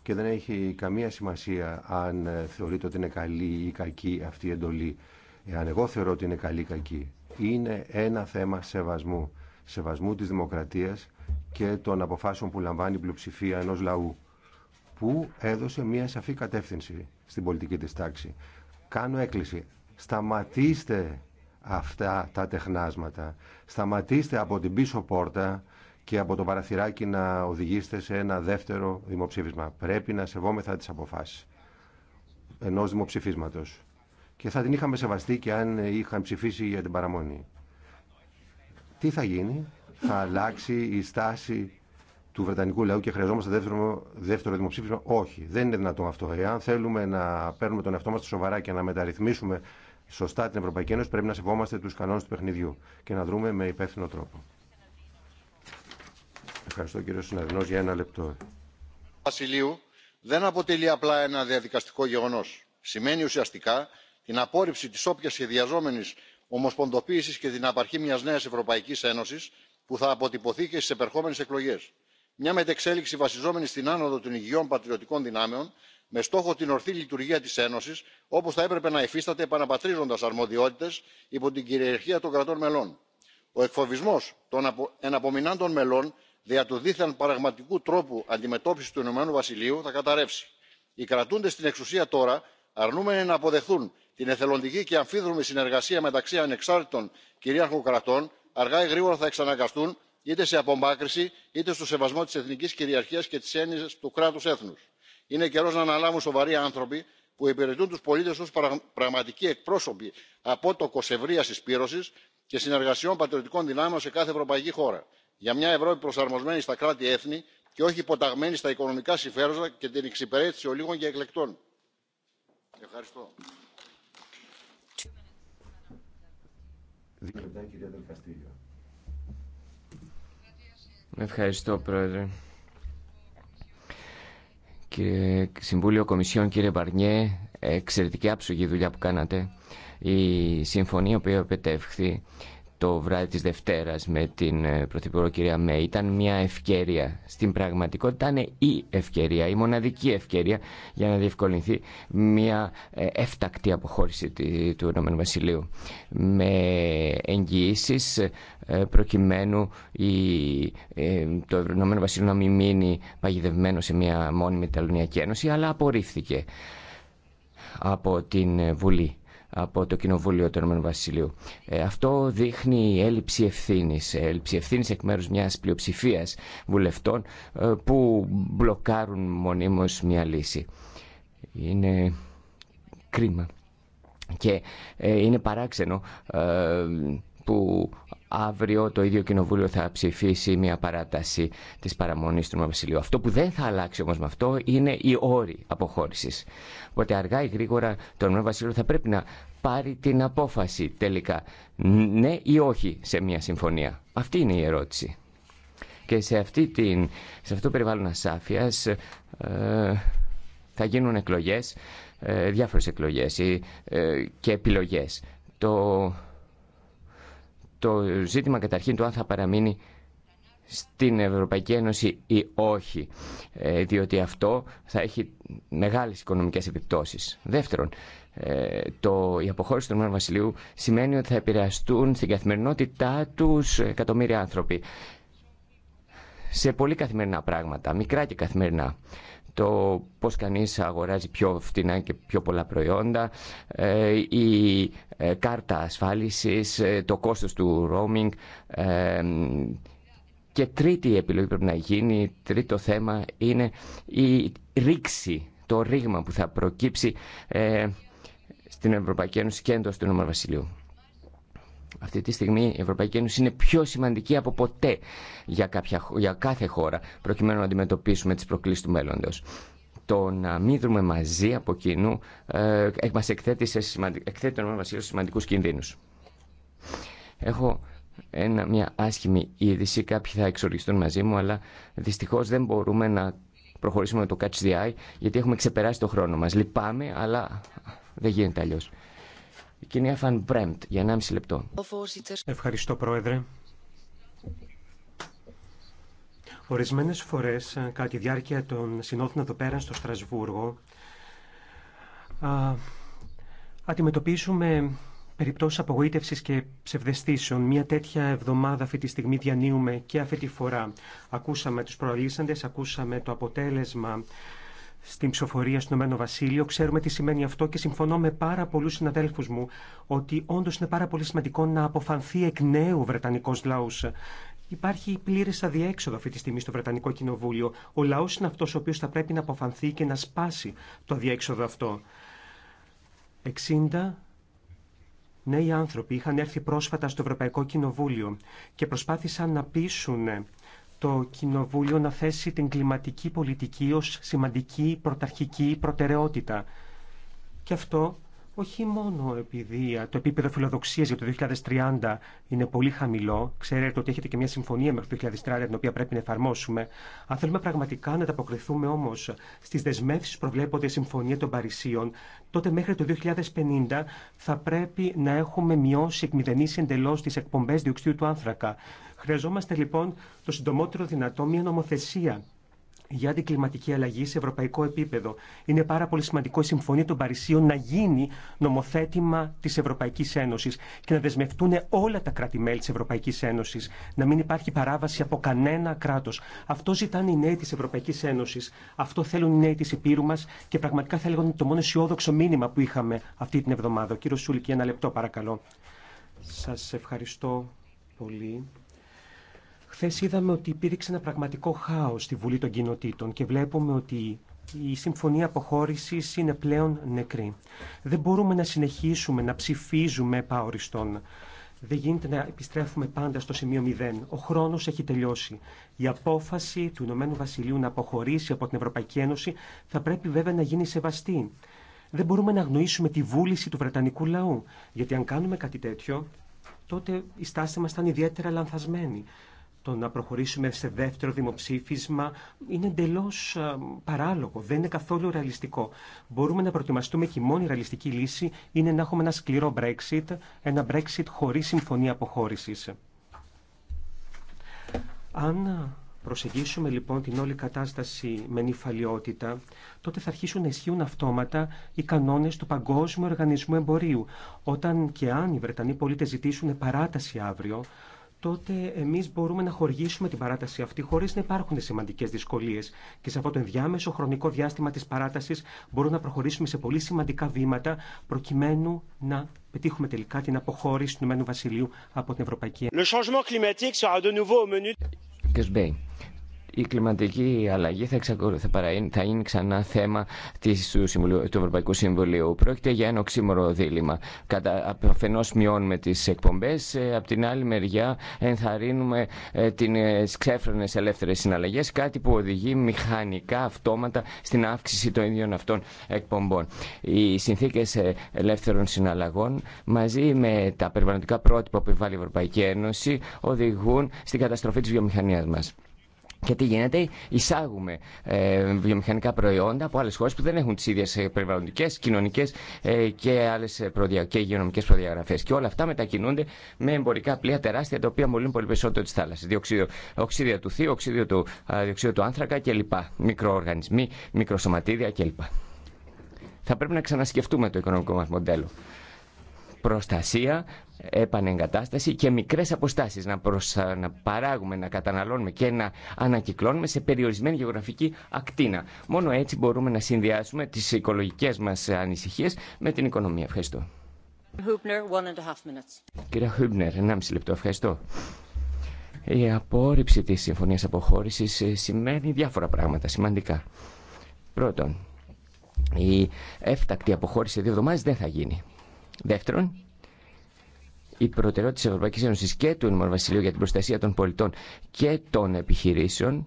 και δεν έχει καμία σημασία αν ε, θεωρείτε ότι είναι καλή ή κακή αυτή η εντολή. Εάν εγώ θεωρώ ότι είναι καλή ή κακή. Είναι ένα θέμα σεβασμού. Σεβασμού της δημοκρατίας και των αποφάσεων που λαμβάνει η πλειοψηφία ενός λαού που έδωσε μια σαφή κατεύθυνση στην πολιτική της τάξη. Κάνω έκκληση. Σταματήστε αυτά τα τεχνάσματα. Σταματήστε από την πίσω πόρτα και από το παραθυράκι να οδηγήσετε σε ένα δεύτερο δημοψήφισμα. Πρέπει να σεβόμεθα τις αποφάσεις ενός δημοψηφίσματος. Και θα την είχαμε σεβαστεί και αν είχαν ψηφίσει για την παραμονή. Τι θα γίνει, θα αλλάξει η στάση του Βρετανικού λαού και χρειαζόμαστε δεύτερο, δεύτερο δημοψήφισμα. Όχι, δεν είναι δυνατόν αυτό. Εάν θέλουμε να παίρνουμε τον εαυτό μα σοβαρά και να μεταρρυθμίσουμε σωστά την Ευρωπαϊκή Ένωση, πρέπει να σεβόμαστε του κανόνε του παιχνιδιού και να δρούμε με υπεύθυνο τρόπο. Ευχαριστώ κύριο Συναρνός για ένα λεπτό. Βασιλείου δεν αποτελεί απλά ένα διαδικαστικό γεγονό. Σημαίνει ουσιαστικά την απόρριψη τη όποια σχεδιαζόμενη ομοσπονδοποίηση και την απαρχή μια νέα Ευρωπαϊκή Ένωση που θα αποτυπωθεί και στι επερχόμενε εκλογέ, Μια μετεξέλιξη βασιζόμενη στην άνοδο των υγιών πατριωτικών δυνάμεων με στόχο την ορθή λειτουργία τη Ένωση, όπω θα έπρεπε να υφίσταται επαναπατρίζοντα αρμοδιότητε υπό την κυριαρχία των κρατών μελών. Ο εκφοβισμό των εναπομεινάντων μελών δια του δίθεν παραγματικού τρόπου αντιμετώπισης του ηνωμένου βασιλείου θα καταρρεύσει. οι κρατούντες στην εξουσία τώρα αρνούμενοι να αποδεχθούν την εθελοντική και αμφίδρομη συνεργασία μεταξύ ανεξάρτητων κυρίαρχων κρατών αργά ή γρήγορα θα εξαναγκαστούν είτε σε απομάκρυνση είτε στο σεβασμό της εθνικής κυριαρχίας και της έννοιας του κράτους έθνους. είναι καιρός να αναλάβουν σοβαροί άνθρωποι που υπηρετούν τους πολίτες ως πραγματικοί εκπρόσωποι απότοκος ευρείας συσπήρωσης και συνεργασιών πατριωτικών δυνάμεων σε κάθε ευρωπαϊκή χώρα για μια ευρώπη προσαρμοσμένη στα κράτη έθνη και όχι υποταγμένη στα οικονομικά συμφέροντα και την εξυπηρέτηση ολίγων και εκλεκτών. Ευχαριστώ. Ευχαριστώ, Πρόεδρε. Κύριε Συμβούλιο Κομισιόν, κύριε Μπαρνιέ, εξαιρετική άψογη δουλειά που κάνατε. Η συμφωνία που επετεύχθη το βράδυ της Δευτέρας με την ε, Πρωθυπουργό κυρία Μέη ήταν μια ευκαιρία. Στην πραγματικότητα ήταν η ευκαιρία, η μοναδική ευκαιρία για να διευκολυνθεί μια εφτακτή αποχώρηση του Ηνωμένου Βασιλείου με εγγυήσει ε, προκειμένου ε, το Ηνωμένο Βασίλειο να μην μείνει παγιδευμένο σε μια μόνιμη ταλωνιακή Ένωση αλλά απορρίφθηκε από την Βουλή από το Κοινοβούλιο του Ηνωμένου Βασιλείου. Ε, αυτό δείχνει έλλειψη ευθύνη. Ε, έλλειψη ευθύνη εκ μέρου μια πλειοψηφία βουλευτών ε, που μπλοκάρουν μονίμω μια λύση. Είναι κρίμα. Και είναι παράξενο που αύριο το ίδιο κοινοβούλιο θα ψηφίσει μια παράταση της παραμονής του Βασιλείου. Αυτό που δεν θα αλλάξει όμως με αυτό είναι οι όροι αποχώρησης. Οπότε αργά ή γρήγορα το νομο Βασίλειο θα πρέπει να πάρει την απόφαση τελικά ναι ή όχι σε μια συμφωνία. Αυτή είναι η ερώτηση. Και σε, αυτή την, σε αυτό το περιβάλλον ασάφειας ε, θα γίνουν εκλογές, ε, διάφορες εκλογές ε, ε, και επιλογές. Το το ζήτημα καταρχήν του αν θα παραμείνει στην Ευρωπαϊκή Ένωση ή όχι, ε, διότι αυτό θα έχει μεγάλες οικονομικές επιπτώσεις. Δεύτερον, ε, το, η αποχώρηση του Ηνωμένου Βασιλείου σημαίνει ότι θα επηρεαστούν στην καθημερινότητά τους εκατομμύρια άνθρωποι σε πολύ καθημερινά πράγματα, μικρά και καθημερινά το πώς κανείς αγοράζει πιο φτηνά και πιο πολλά προϊόντα, ε, η ε, κάρτα ασφάλισης, ε, το κόστος του roaming και τρίτη επιλογή πρέπει να γίνει, τρίτο θέμα είναι η ρήξη, το ρήγμα που θα προκύψει στην Ευρωπαϊκή Ένωση και εντός του Βασιλείου. Αυτή τη στιγμή η Ευρωπαϊκή Ένωση είναι πιο σημαντική από ποτέ για, κάποια, για κάθε χώρα, προκειμένου να αντιμετωπίσουμε τις προκλήσεις του μέλλοντος. Το να μην δρούμε μαζί από κοινού ε, μας εκθέτει, σε σημαντικ, εκθέτει σε σημαντικούς κινδύνους. Έχω ένα, μια άσχημη είδηση, κάποιοι θα εξοργιστούν μαζί μου, αλλά δυστυχώς δεν μπορούμε να προχωρήσουμε με το Catch the Eye, γιατί έχουμε ξεπεράσει το χρόνο μας. Λυπάμαι, αλλά δεν γίνεται αλλιώς. Η κυρία για 1,5 λεπτό. Ευχαριστώ Πρόεδρε. Ορισμένε φορές ε, κατά τη διάρκεια των συνόδων εδώ πέρα στο Στρασβούργο α, αντιμετωπίσουμε περιπτώσεις απογοήτευσης και ψευδεστήσεων. Μια τέτοια εβδομάδα αυτή τη στιγμή διανύουμε και αυτή τη φορά. Ακούσαμε του προαλήσαντε, ακούσαμε το αποτέλεσμα στην ψηφοφορία στον Ηνωμένο Βασίλειο. Ξέρουμε τι σημαίνει αυτό και συμφωνώ με πάρα πολλού συναδέλφου μου ότι όντω είναι πάρα πολύ σημαντικό να αποφανθεί εκ νέου ο Βρετανικό λαό. Υπάρχει πλήρε αδιέξοδο αυτή τη στιγμή στο Βρετανικό Κοινοβούλιο. Ο λαό είναι αυτό ο οποίο θα πρέπει να αποφανθεί και να σπάσει το αδιέξοδο αυτό. 60 νέοι άνθρωποι είχαν έρθει πρόσφατα στο Ευρωπαϊκό Κοινοβούλιο και προσπάθησαν να πείσουν το Κοινοβούλιο να θέσει την κλιματική πολιτική ως σημαντική πρωταρχική προτεραιότητα. Και αυτό όχι μόνο επειδή το επίπεδο φιλοδοξίας για το 2030 είναι πολύ χαμηλό, ξέρετε ότι έχετε και μια συμφωνία μέχρι το 2030 την οποία πρέπει να εφαρμόσουμε. Αν θέλουμε πραγματικά να ανταποκριθούμε όμως στις δεσμεύσεις προβλέπονται η Συμφωνία των Παρισίων, τότε μέχρι το 2050 θα πρέπει να έχουμε μειώσει εκμηδενήσει εντελώς τις εκπομπές διοξιδίου του άνθρακα. Χρειαζόμαστε λοιπόν το συντομότερο δυνατό μια νομοθεσία για την κλιματική αλλαγή σε ευρωπαϊκό επίπεδο. Είναι πάρα πολύ σημαντικό η Συμφωνία των Παρισίων να γίνει νομοθέτημα τη Ευρωπαϊκή Ένωση και να δεσμευτούν όλα τα κράτη-μέλη τη Ευρωπαϊκή Ένωση. Να μην υπάρχει παράβαση από κανένα κράτο. Αυτό ζητάνε οι νέοι τη Ευρωπαϊκή Ένωση. Αυτό θέλουν οι νέοι τη Υπήρου μα και πραγματικά θα λέγονται το μόνο αισιόδοξο μήνυμα που είχαμε αυτή την εβδομάδα. κύριο Σούλικη, ένα λεπτό παρακαλώ. Σα ευχαριστώ πολύ. Χθε είδαμε ότι υπήρξε ένα πραγματικό χάο στη Βουλή των Κοινοτήτων και βλέπουμε ότι η συμφωνία αποχώρηση είναι πλέον νεκρή. Δεν μπορούμε να συνεχίσουμε να ψηφίζουμε επαοριστών. Δεν γίνεται να επιστρέφουμε πάντα στο σημείο 0. Ο χρόνο έχει τελειώσει. Η απόφαση του Ηνωμένου Βασιλείου να αποχωρήσει από την Ευρωπαϊκή Ένωση θα πρέπει βέβαια να γίνει σεβαστή. Δεν μπορούμε να αγνοήσουμε τη βούληση του Βρετανικού λαού. Γιατί αν κάνουμε κάτι τέτοιο, τότε η στάση μα είναι ιδιαίτερα λανθασμένη το να προχωρήσουμε σε δεύτερο δημοψήφισμα είναι εντελώ ε, παράλογο, δεν είναι καθόλου ρεαλιστικό. Μπορούμε να προετοιμαστούμε και η μόνη ρεαλιστική λύση είναι να έχουμε ένα σκληρό Brexit, ένα Brexit χωρί συμφωνία αποχώρηση. Αν προσεγγίσουμε λοιπόν την όλη κατάσταση με νυφαλιότητα, τότε θα αρχίσουν να ισχύουν αυτόματα οι κανόνε του Παγκόσμιου Οργανισμού Εμπορίου. Όταν και αν οι Βρετανοί πολίτε ζητήσουν παράταση αύριο, τότε εμεί μπορούμε να χορηγήσουμε την παράταση αυτή χωρί να υπάρχουν σημαντικέ δυσκολίε. Και σε αυτό το ενδιάμεσο χρονικό διάστημα τη παράταση μπορούμε να προχωρήσουμε σε πολύ σημαντικά βήματα προκειμένου να πετύχουμε τελικά την αποχώρηση του Ηνωμένου Βασιλείου από την Ευρωπαϊκή Ένωση η κλιματική αλλαγή θα, εξακολου... θα, θα είναι ξανά θέμα του, Ευρωπαϊκού Συμβουλίου. Πρόκειται για ένα οξύμορο δίλημα. Κατα... Αφενός μειώνουμε τις εκπομπές, ε, Απ' την άλλη μεριά ενθαρρύνουμε ε, τι ε, ξέφρονε ελεύθερε συναλλαγέ κάτι που οδηγεί μηχανικά αυτόματα στην αύξηση των ίδιων αυτών εκπομπών. Οι συνθήκες ελεύθερων συναλλαγών μαζί με τα περιβαλλοντικά πρότυπα που επιβάλλει η Ευρωπαϊκή Ένωση οδηγούν στην καταστροφή τη βιομηχανία μα. Και τι γίνεται, εισάγουμε ε, βιομηχανικά προϊόντα από άλλε χώρε που δεν έχουν τι ίδιε περιβαλλοντικέ, κοινωνικέ ε, και άλλε προδια... και υγειονομικέ προδιαγραφέ. Και όλα αυτά μετακινούνται με εμπορικά πλοία τεράστια τα οποία μολύνουν πολύ περισσότερο τη θάλασσα. Διοξίδιο, του θείου, οξίδιο του, διοξίδιο του άνθρακα κλπ. Μικροοργανισμοί, μικροσωματίδια κλπ. Θα πρέπει να ξανασκεφτούμε το οικονομικό μα μοντέλο προστασία, επανεγκατάσταση και μικρέ αποστάσει να, να παράγουμε, να καταναλώνουμε και να ανακυκλώνουμε σε περιορισμένη γεωγραφική ακτίνα. Μόνο έτσι μπορούμε να συνδυάσουμε τι οικολογικέ μα ανησυχίε με την οικονομία. Ευχαριστώ. Κύριε Χούμπνερ, 1,5 λεπτό. Ευχαριστώ. Η απόρριψη της συμφωνίας αποχώρησης ε, σημαίνει διάφορα πράγματα σημαντικά. Πρώτον, η έφτακτη αποχώρηση δύο εβδομάδες δεν θα γίνει. Δεύτερον, η προτεραιότητα τη Ευρωπαϊκή Ένωση και του Ηνωμένου Βασιλείου για την προστασία των πολιτών και των επιχειρήσεων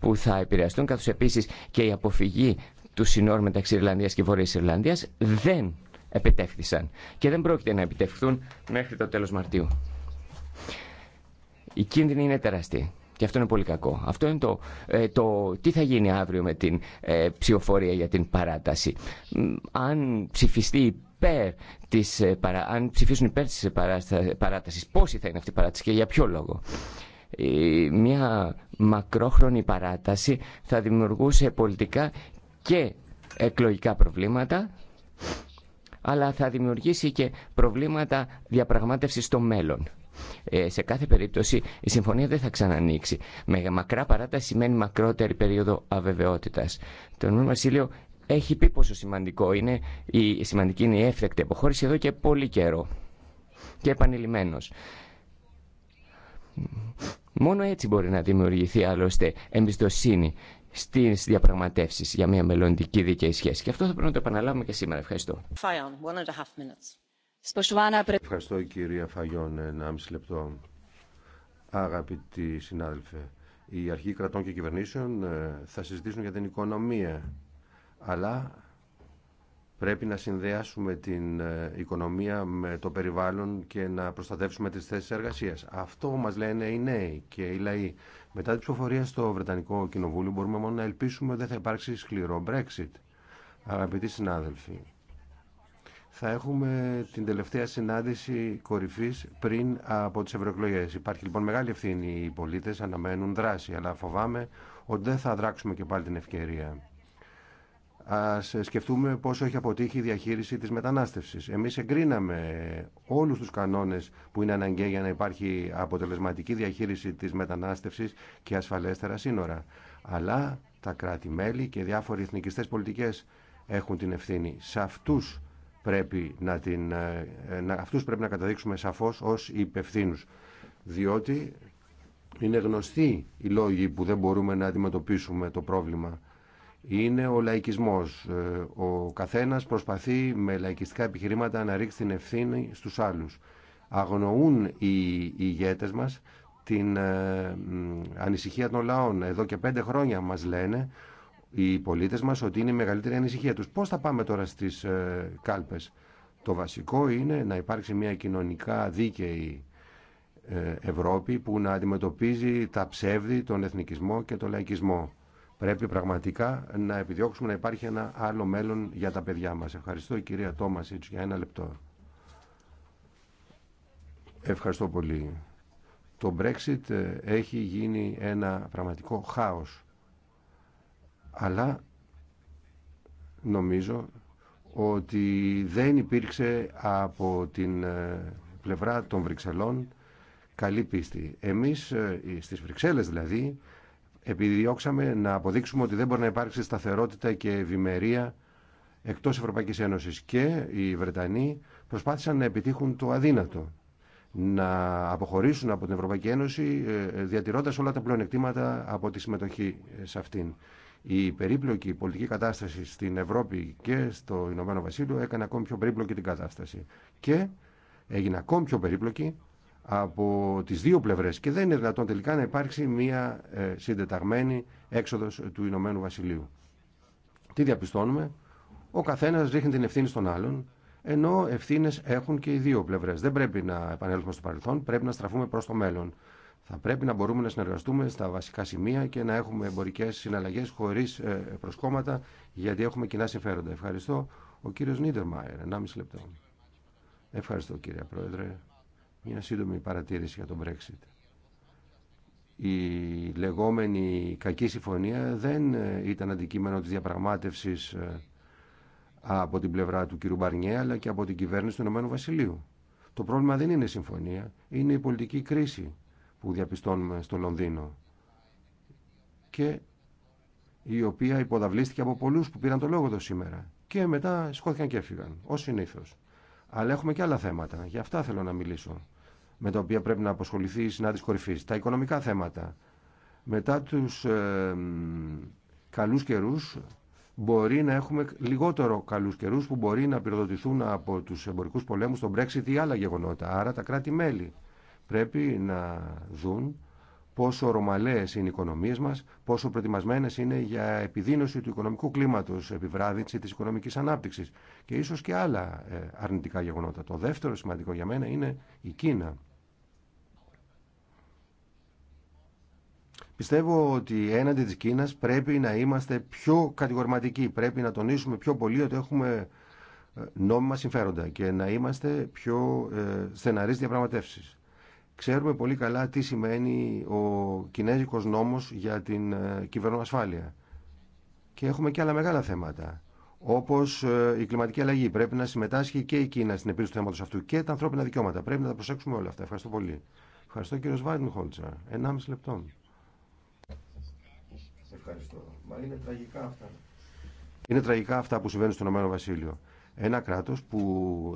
που θα επηρεαστούν, καθώ επίση και η αποφυγή του συνόρου μεταξύ Ιρλανδίας και Βόρεια Ιρλανδίας δεν επιτεύχθησαν και δεν πρόκειται να επιτευχθούν μέχρι το τέλο Μαρτίου. Η κίνδυνη είναι τεραστή Και αυτό είναι πολύ κακό. Αυτό είναι το, ε, τι θα γίνει αύριο με την ε, ψηφοφορία για την παράταση. Αν ψηφιστεί υπέρ της, ε, αν ψηφίσουν υπέρ της ε, παράτασης, πόσοι θα είναι αυτή η παράταση και για ποιο λόγο. Ε, μια μακρόχρονη παράταση θα δημιουργούσε πολιτικά και εκλογικά προβλήματα, αλλά θα δημιουργήσει και προβλήματα διαπραγμάτευσης στο μέλλον. σε κάθε περίπτωση η συμφωνία δεν θα ξανανοίξει. Με μακρά παράταση σημαίνει μακρότερη περίοδο αβεβαιότητας. Το νούμερο έχει πει πόσο σημαντικό είναι, η σημαντική είναι η έφρακτη αποχώρηση εδώ και πολύ καιρό και επανειλημμένος. Μόνο έτσι μπορεί να δημιουργηθεί άλλωστε εμπιστοσύνη στι διαπραγματεύσει για μια μελλοντική δίκαιη σχέση. Και αυτό θα πρέπει να το επαναλάβουμε και σήμερα. Ευχαριστώ. Ευχαριστώ κυρία Φαγιόν, ένα μισή λεπτό. Αγαπητοί συνάδελφε, οι αρχοί κρατών και κυβερνήσεων ε, θα συζητήσουν για την οικονομία αλλά πρέπει να συνδέασουμε την ε, οικονομία με το περιβάλλον και να προστατεύσουμε τις θέσεις εργασίας. Αυτό μας λένε οι νέοι και οι λαοί. Μετά την ψηφοφορία στο Βρετανικό Κοινοβούλιο μπορούμε μόνο να ελπίσουμε ότι δεν θα υπάρξει σκληρό Brexit. Αγαπητοί συνάδελφοι, θα έχουμε την τελευταία συνάντηση κορυφής πριν από τις ευρωεκλογέ. Υπάρχει λοιπόν μεγάλη ευθύνη. Οι πολίτες αναμένουν δράση, αλλά φοβάμαι ότι δεν θα δράξουμε και πάλι την ευκαιρία. Ας σκεφτούμε πόσο έχει αποτύχει η διαχείριση τη μετανάστευση. Εμείς εγκρίναμε όλους τους κανόνες που είναι αναγκαίοι για να υπάρχει αποτελεσματική διαχείριση της μετανάστευση και ασφαλέστερα σύνορα. Αλλά τα κράτη-μέλη και διάφοροι εθνικιστέ πολιτικές έχουν την ευθύνη. Σε αυτού πρέπει να, ε, πρέπει να καταδείξουμε σαφώ ω υπευθύνου. Διότι είναι γνωστοί οι λόγοι που δεν μπορούμε να αντιμετωπίσουμε το πρόβλημα είναι ο λαϊκισμός. Ε, ο καθένας προσπαθεί με λαϊκιστικά επιχειρήματα να ρίξει την ευθύνη στους άλλους. Αγνοούν οι ηγέτες μας την ε, ανησυχία των λαών. Εδώ και πέντε χρόνια μας λένε οι πολίτες μας ότι είναι η μεγαλύτερη ανησυχία τους. Πώς θα πάμε τώρα στις ε, κάλπες. Το βασικό είναι να υπάρξει μια κοινωνικά δίκαιη Ευρώπη που να αντιμετωπίζει τα ψεύδι τον εθνικισμό και τον λαϊκισμό. Πρέπει πραγματικά να επιδιώξουμε να υπάρχει ένα άλλο μέλλον για τα παιδιά μας. Ευχαριστώ κυρία Τόμασιτς για ένα λεπτό. Ευχαριστώ πολύ. Το Brexit ε, έχει γίνει ένα πραγματικό χάος. Αλλά νομίζω ότι δεν υπήρξε από την ε, πλευρά των Βρυξελών καλή πίστη. Εμείς ε, στις Βρυξέλλες δηλαδή επιδιώξαμε να αποδείξουμε ότι δεν μπορεί να υπάρξει σταθερότητα και ευημερία εκτός Ευρωπαϊκής Ένωσης και οι Βρετανοί προσπάθησαν να επιτύχουν το αδύνατο να αποχωρήσουν από την Ευρωπαϊκή Ένωση ε, ε, διατηρώντας όλα τα πλεονεκτήματα από τη συμμετοχή σε αυτήν. Η περίπλοκη πολιτική κατάσταση στην Ευρώπη και στο Ηνωμένο Βασίλειο έκανε ακόμη πιο περίπλοκη την κατάσταση και έγινε ακόμη πιο περίπλοκη από τις δύο πλευρές και δεν είναι δυνατόν τελικά να υπάρξει μία ε, συντεταγμένη έξοδος του Ηνωμένου Βασιλείου. Τι διαπιστώνουμε, ο καθένας ρίχνει την ευθύνη στον άλλον, ενώ ευθύνε έχουν και οι δύο πλευρέ. Δεν πρέπει να επανέλθουμε στο παρελθόν, πρέπει να στραφούμε προ το μέλλον. Θα πρέπει να μπορούμε να συνεργαστούμε στα βασικά σημεία και να έχουμε εμπορικέ συναλλαγέ χωρί ε, προσκόμματα, γιατί έχουμε κοινά συμφέροντα. Ευχαριστώ. Ο κύριο Νίτερμαερ, 1,5 λεπτό. Ευχαριστώ κύριε Πρόεδρε. Μια σύντομη παρατήρηση για τον Brexit. Η λεγόμενη κακή συμφωνία δεν ε, ήταν αντικείμενο της διαπραγμάτευσης ε, από την πλευρά του κ. Μπαρνιέ αλλά και από την κυβέρνηση του Ηνωμένου Βασιλείου. Το πρόβλημα δεν είναι η συμφωνία, είναι η πολιτική κρίση που διαπιστώνουμε στο Λονδίνο και η οποία υποδαβλίστηκε από πολλούς που πήραν το λόγο εδώ σήμερα και μετά σκόθηκαν και έφυγαν, ως συνήθως. Αλλά έχουμε και άλλα θέματα. Γι' αυτά θέλω να μιλήσω. Με τα οποία πρέπει να αποσχοληθεί η συνάντηση κορυφή. Τα οικονομικά θέματα. Μετά του ε, καλού καιρού μπορεί να έχουμε λιγότερο καλού καιρού που μπορεί να πυροδοτηθούν από του εμπορικού πολέμου, τον Brexit ή άλλα γεγονότα. Άρα τα κράτη-μέλη πρέπει να δουν πόσο ρωμαλαίες είναι οι οικονομίες μας, πόσο προετοιμασμένες είναι για επιδείνωση του οικονομικού κλίματος, επιβράδυνση της οικονομικής ανάπτυξης και ίσως και άλλα ε, αρνητικά γεγονότα. Το δεύτερο σημαντικό για μένα είναι η Κίνα. Πιστεύω ότι έναντι της Κίνας πρέπει να είμαστε πιο κατηγορηματικοί, πρέπει να τονίσουμε πιο πολύ ότι έχουμε ε, νόμιμα συμφέροντα και να είμαστε πιο ε, στεναρείς διαπραγματεύσεις. Ξέρουμε πολύ καλά τι σημαίνει ο κινέζικος νόμος για την ε, κυβερνοασφάλεια. Και έχουμε και άλλα μεγάλα θέματα. Όπω ε, η κλιματική αλλαγή. Πρέπει να συμμετάσχει και η Κίνα στην επίλυση του θέματο αυτού και τα ανθρώπινα δικαιώματα. Πρέπει να τα προσέξουμε όλα αυτά. Ευχαριστώ πολύ. Ευχαριστώ κύριο Βάιντενχολτσα. Ένα 1,5 λεπτό. Ευχαριστώ. Μα είναι τραγικά αυτά. Είναι τραγικά αυτά που συμβαίνουν στον Ηνωμένο Βασίλειο. Ένα κράτο που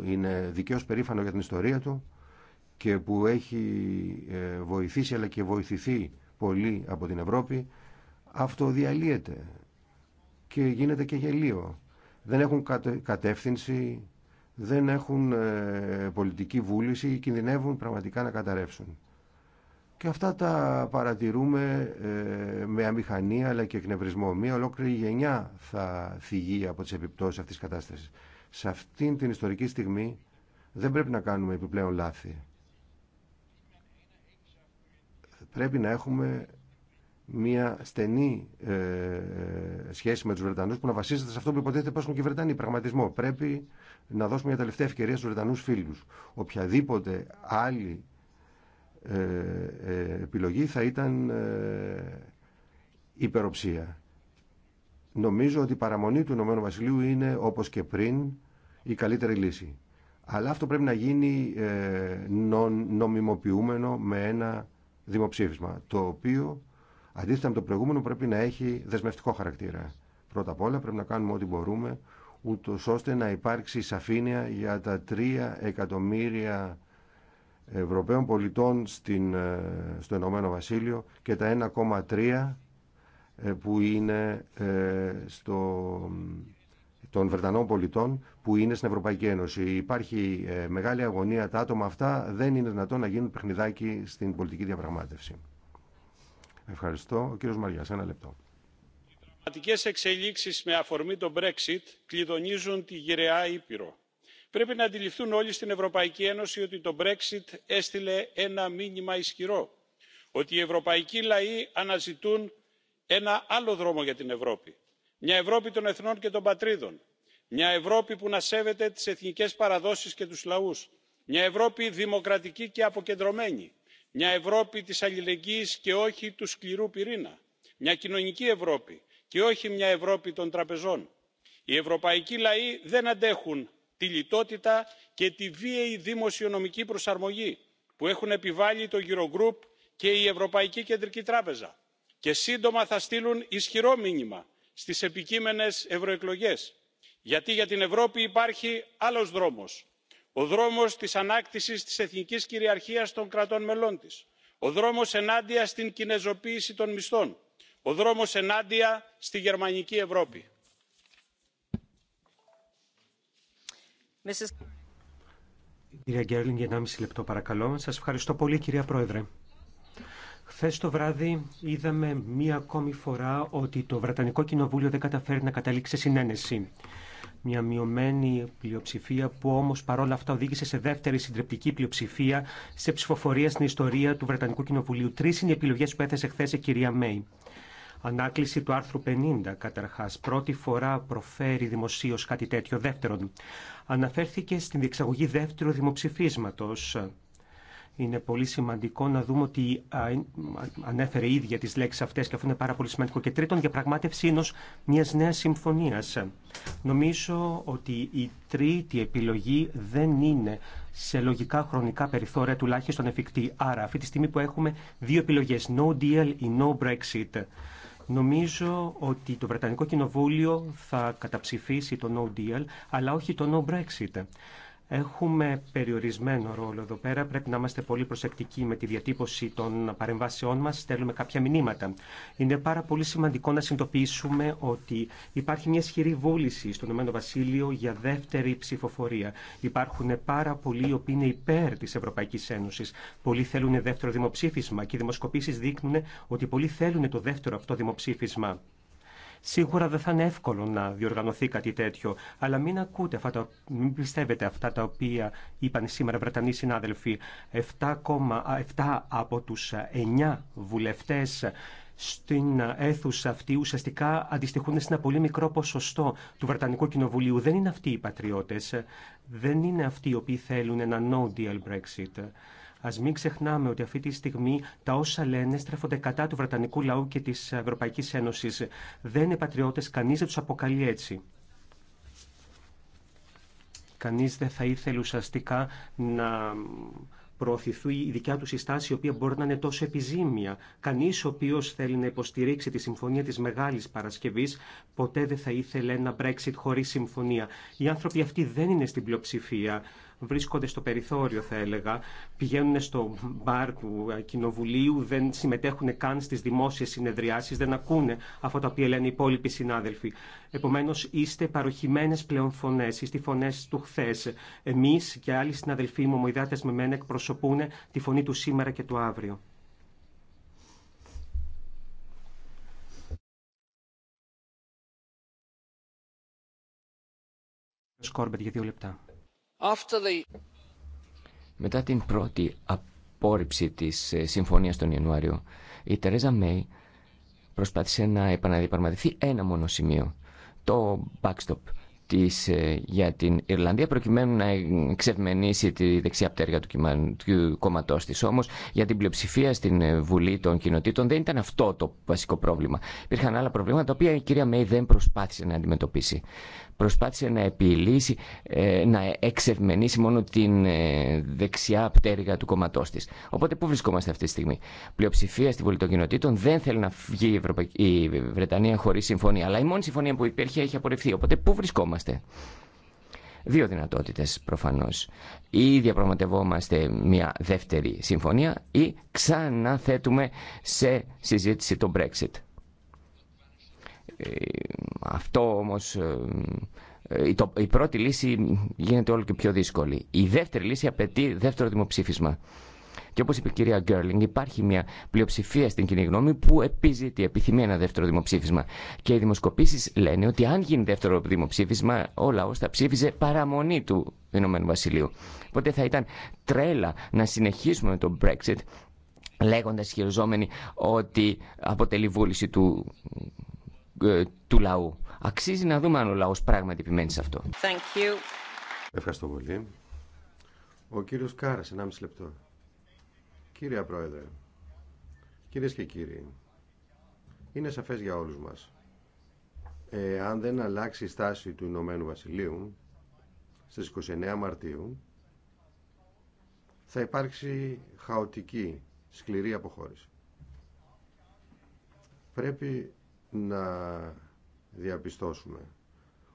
είναι δικαίω περήφανο για την ιστορία του, και που έχει ε, βοηθήσει αλλά και βοηθηθεί πολύ από την Ευρώπη αυτοδιαλύεται και γίνεται και γελίο. Δεν έχουν κατεύθυνση, δεν έχουν ε, πολιτική βούληση, κινδυνεύουν πραγματικά να καταρρεύσουν. Και αυτά τα παρατηρούμε ε, με αμηχανία αλλά και εκνευρισμό. Μία ολόκληρη γενιά θα θυγεί από τις επιπτώσεις αυτής της κατάστασης. Σε αυτήν την ιστορική στιγμή δεν πρέπει να κάνουμε επιπλέον λάθη πρέπει να έχουμε μια στενή ε, σχέση με τους Βρετανούς που να βασίζεται σε αυτό που υποτίθεται πάσχουν και οι Βρετανοί, πραγματισμό. Πρέπει να δώσουμε μια τελευταία ευκαιρία στους Βρετανούς φίλους. Οποιαδήποτε άλλη ε, ε, επιλογή θα ήταν υπεροψία. Νομίζω ότι η παραμονή του Ηνωμένου Βασιλείου είναι, όπως και πριν, η καλύτερη λύση. Αλλά αυτό πρέπει να γίνει νομιμοποιούμενο με ένα δημοψήφισμα, το οποίο αντίθετα με το προηγούμενο πρέπει να έχει δεσμευτικό χαρακτήρα. Πρώτα απ' όλα πρέπει να κάνουμε ό,τι μπορούμε, ούτω ώστε να υπάρξει σαφήνεια για τα 3 εκατομμύρια Ευρωπαίων πολιτών στην, ε, στο Ενωμένο Βασίλειο και τα 1,3 ε, που είναι ε, στο των Βρετανών πολιτών που είναι στην Ευρωπαϊκή Ένωση. Υπάρχει ε, μεγάλη αγωνία. Τα άτομα αυτά δεν είναι δυνατόν να γίνουν παιχνιδάκι στην πολιτική διαπραγμάτευση. Ευχαριστώ. Ο κύριος Μαριάς, ένα λεπτό. Οι δραματικές εξελίξεις με αφορμή το Brexit κλειδονίζουν τη γυραιά Ήπειρο. Πρέπει να αντιληφθούν όλοι στην Ευρωπαϊκή Ένωση ότι το Brexit έστειλε ένα μήνυμα ισχυρό. Ότι οι ευρωπαϊκοί λαοί αναζητούν ένα άλλο δρόμο για την Ευρώπη μια ευρώπη των εθνών και των πατρίδων μια ευρώπη που να σέβεται τις εθνικές παραδόσεις και τους λαούς μια ευρώπη δημοκρατική και αποκεντρωμένη μια ευρώπη της αλληλεγγύης και όχι του σκληρού πυρήνα μια κοινωνική ευρώπη και όχι μια ευρώπη των τραπεζών. οι ευρωπαϊκοί λαοί δεν αντέχουν τη λιτότητα και τη βίαιη δημοσιονομική προσαρμογή που έχουν επιβάλει το eurogroup και η ευρωπαϊκή κεντρική τράπεζα και σύντομα θα στείλουν ισχυρό μήνυμα στις επικείμενες ευρωεκλογές γιατί για την ευρώπη υπάρχει άλλος δρόμος ο δρόμος της ανάκτησης της εθνικής κυριαρχίας των κρατών μελών της ο δρόμος ενάντια στην κινεζοποίηση των μισθών ο δρόμος ενάντια στη γερμανική ευρώπη. Κυρία Γκέρλινγκ, λεπτό παρακαλώ. Σας ευχαριστώ πολύ κυρία Πρόεδρε. Χθε το βράδυ είδαμε μία ακόμη φορά ότι το Βρετανικό Κοινοβούλιο δεν καταφέρει να καταλήξει σε συνένεση. Μια μειωμένη πλειοψηφία που όμως παρόλα αυτά οδήγησε σε δεύτερη συντριπτική πλειοψηφία σε ψηφοφορία στην ιστορία του Βρετανικού Κοινοβουλίου. Τρεις είναι οι επιλογές που έθεσε χθε η κυρία Μέη. Ανάκληση του άρθρου 50 καταρχάς. Πρώτη φορά προφέρει δημοσίως κάτι τέτοιο. Δεύτερον, αναφέρθηκε στην διεξαγωγή δεύτερου δημοψηφίσματος είναι πολύ σημαντικό να δούμε ότι ε, ανέφερε ίδια τις λέξεις αυτές και αυτό είναι πάρα πολύ σημαντικό. Και τρίτον, πραγμάτευση ενός μιας νέας συμφωνίας. Νομίζω ότι η τρίτη επιλογή δεν είναι σε λογικά χρονικά περιθώρια τουλάχιστον εφικτή. Άρα αυτή τη στιγμή που έχουμε δύο επιλογές, no deal ή no Brexit. Νομίζω ότι το Βρετανικό Κοινοβούλιο θα καταψηφίσει το no deal, αλλά όχι το no Brexit. Έχουμε περιορισμένο ρόλο εδώ πέρα. Πρέπει να είμαστε πολύ προσεκτικοί με τη διατύπωση των παρεμβάσεών μα. Στέλνουμε κάποια μηνύματα. Είναι πάρα πολύ σημαντικό να συνειδητοποιήσουμε ότι υπάρχει μια ισχυρή βούληση στον Ηνωμένο Βασίλειο για δεύτερη ψηφοφορία. Υπάρχουν πάρα πολλοί οι οποίοι είναι υπέρ τη Ευρωπαϊκή Ένωση. Πολλοί θέλουν δεύτερο δημοψήφισμα και οι δημοσκοπήσει δείχνουν ότι πολλοί θέλουν το δεύτερο αυτό δημοψήφισμα. Σίγουρα δεν θα είναι εύκολο να διοργανωθεί κάτι τέτοιο, αλλά μην ακούτε μην πιστεύετε αυτά τα οποία είπαν σήμερα Βρετανοί συνάδελφοι. 7, από τους 9 βουλευτές στην αίθουσα αυτή ουσιαστικά αντιστοιχούν σε ένα πολύ μικρό ποσοστό του Βρετανικού Κοινοβουλίου. Δεν είναι αυτοί οι πατριώτες, δεν είναι αυτοί οι οποίοι θέλουν ένα no deal Brexit. Α μην ξεχνάμε ότι αυτή τη στιγμή τα όσα λένε στρέφονται κατά του Βρετανικού λαού και τη Ευρωπαϊκή Ένωση. Δεν είναι πατριώτε, κανεί δεν του αποκαλεί έτσι. Κανεί δεν θα ήθελε ουσιαστικά να προωθηθεί η δικιά του συστάση, η οποία μπορεί να είναι τόσο επιζήμια. Κανεί ο οποίο θέλει να υποστηρίξει τη συμφωνία τη Μεγάλη Παρασκευή, ποτέ δεν θα ήθελε ένα Brexit χωρί συμφωνία. Οι άνθρωποι αυτοί δεν είναι στην πλειοψηφία βρίσκονται στο περιθώριο θα έλεγα, πηγαίνουν στο μπαρ του κοινοβουλίου, δεν συμμετέχουν καν στις δημόσιες συνεδριάσεις, δεν ακούνε αυτά τα οποία λένε οι υπόλοιποι συνάδελφοι. Επομένως είστε παροχημένε πλέον φωνέ είστε φωνέ φωνές του χθε. Εμείς και άλλοι συναδελφοί μου, ομοειδάτε με μένα, εκπροσωπούν τη φωνή του σήμερα και του αύριο. Σκόρμπετ για δύο λεπτά. Μετά την πρώτη απόρριψη της ε, συμφωνίας τον Ιανουάριο, η Τερέζα Μέη προσπάθησε να επαναδιαπραγματευτεί ένα μόνο σημείο, το backstop της, ε, για την Ιρλανδία προκειμένου να εξευμενήσει τη δεξιά πτέρυγα του, του κόμματό τη. Όμω για την πλειοψηφία στην ε, Βουλή των Κοινοτήτων δεν ήταν αυτό το βασικό πρόβλημα. Υπήρχαν άλλα προβλήματα τα οποία η κυρία Μέη δεν προσπάθησε να αντιμετωπίσει προσπάθησε να επιλύσει, ε, να εξευμενήσει μόνο την ε, δεξιά πτέρυγα του κομματό τη. Οπότε πού βρισκόμαστε αυτή τη στιγμή. Πλειοψηφία στην πολιτοκοινοτήτων δεν θέλει να βγει η, Βρετανία χωρί συμφωνία. Αλλά η μόνη συμφωνία που υπήρχε έχει απορριφθει Οπότε πού βρισκόμαστε. Δύο δυνατότητε προφανώ. Ή διαπραγματευόμαστε μια δεύτερη συμφωνία ή ξαναθέτουμε σε συζήτηση το Brexit. Ε, αυτό όμως, ε, ε, η πρώτη λύση γίνεται όλο και πιο δύσκολη. Η δεύτερη λύση απαιτεί δεύτερο δημοψήφισμα. Και όπως είπε η κυρία Γκέρλινγκ, υπάρχει μια πλειοψηφία στην κοινή γνώμη που επιζητεί, επιθυμεί ένα δεύτερο δημοψήφισμα. Και οι δημοσκοπήσεις λένε ότι αν γίνει δεύτερο δημοψήφισμα, ο λαός θα ψήφιζε παραμονή του Ηνωμένου Βασιλείου. Οπότε θα ήταν τρέλα να συνεχίσουμε με τον Brexit, λέγοντας χειριζόμενοι ότι αποτελεί βούληση του ε, του λαού. Αξίζει να δούμε αν ο λαός πράγματι επιμένει σε αυτό. Thank you. Ευχαριστώ πολύ. Ο κύριος Κάρας, 1,5 λεπτό. Κύριε Πρόεδρε, κυρίες και κύριοι, είναι σαφές για όλους μας. Ε, αν δεν αλλάξει η στάση του Ηνωμένου Βασιλείου στις 29 Μαρτίου, θα υπάρξει χαοτική, σκληρή αποχώρηση. Πρέπει να διαπιστώσουμε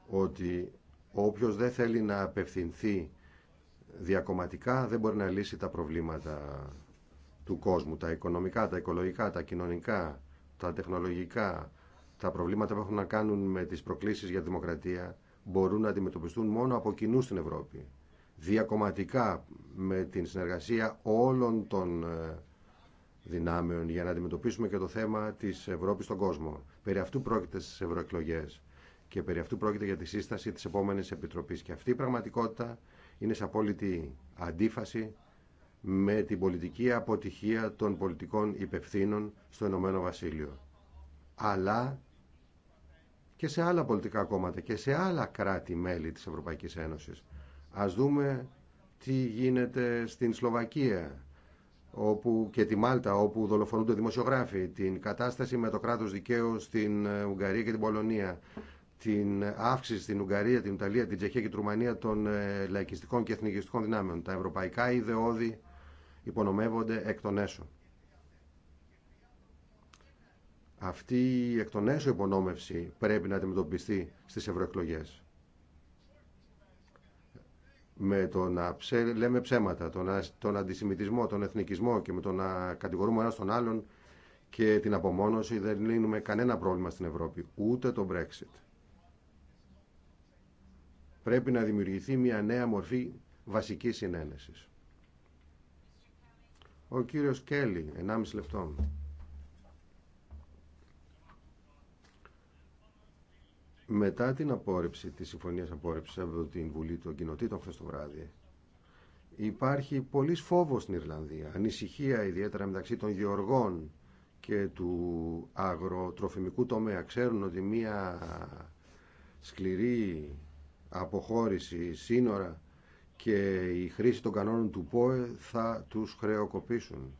ότι όποιος δεν θέλει να απευθυνθεί διακομματικά δεν μπορεί να λύσει τα προβλήματα του κόσμου, τα οικονομικά, τα οικολογικά, τα κοινωνικά, τα τεχνολογικά, τα προβλήματα που έχουν να κάνουν με τις προκλήσεις για δημοκρατία μπορούν να αντιμετωπιστούν μόνο από κοινού στην Ευρώπη. Διακομματικά με την συνεργασία όλων των ε, δυνάμεων για να αντιμετωπίσουμε και το θέμα της Ευρώπης στον κόσμο. Περί αυτού πρόκειται στι ευρωεκλογέ και περί αυτού πρόκειται για τη σύσταση τη επόμενη επιτροπή. Και αυτή η πραγματικότητα είναι σε απόλυτη αντίφαση με την πολιτική αποτυχία των πολιτικών υπευθύνων στο Ηνωμένο Βασίλειο. Αλλά και σε άλλα πολιτικά κόμματα και σε άλλα κράτη-μέλη της Ευρωπαϊκής Ένωσης. Ας δούμε τι γίνεται στην Σλοβακία, όπου, και τη Μάλτα όπου δολοφονούνται δημοσιογράφοι, την κατάσταση με το κράτος δικαίου στην ε, Ουγγαρία και την Πολωνία, την αύξηση στην Ουγγαρία, την Ιταλία, την Τσεχία και την Ρουμανία των ε, λαϊκιστικών και εθνικιστικών δυνάμεων. Τα ευρωπαϊκά ιδεώδη υπονομεύονται εκ των έσω. Αυτή η εκ των έσω υπονόμευση πρέπει να αντιμετωπιστεί στις ευρωεκλογές με το να ψε, λέμε ψέματα, τον, τον αντισημιτισμό, τον εθνικισμό και με το να κατηγορούμε ένα τον άλλον και την απομόνωση δεν λύνουμε κανένα πρόβλημα στην Ευρώπη, ούτε το Brexit. Πρέπει να δημιουργηθεί μια νέα μορφή βασικής συνένεσης. Ο κύριος Κέλλη, 1,5 λεπτό. Μετά την απόρριψη της συμφωνίας απόρριψης από την Βουλή των Κοινοτήτων χθες το βράδυ, υπάρχει πολύ φόβος στην Ιρλανδία, ανησυχία ιδιαίτερα μεταξύ των γεωργών και του αγροτροφημικού τομέα. Ξέρουν ότι μία σκληρή αποχώρηση σύνορα και η χρήση των κανόνων του ΠΟΕ θα τους χρεοκοπήσουν.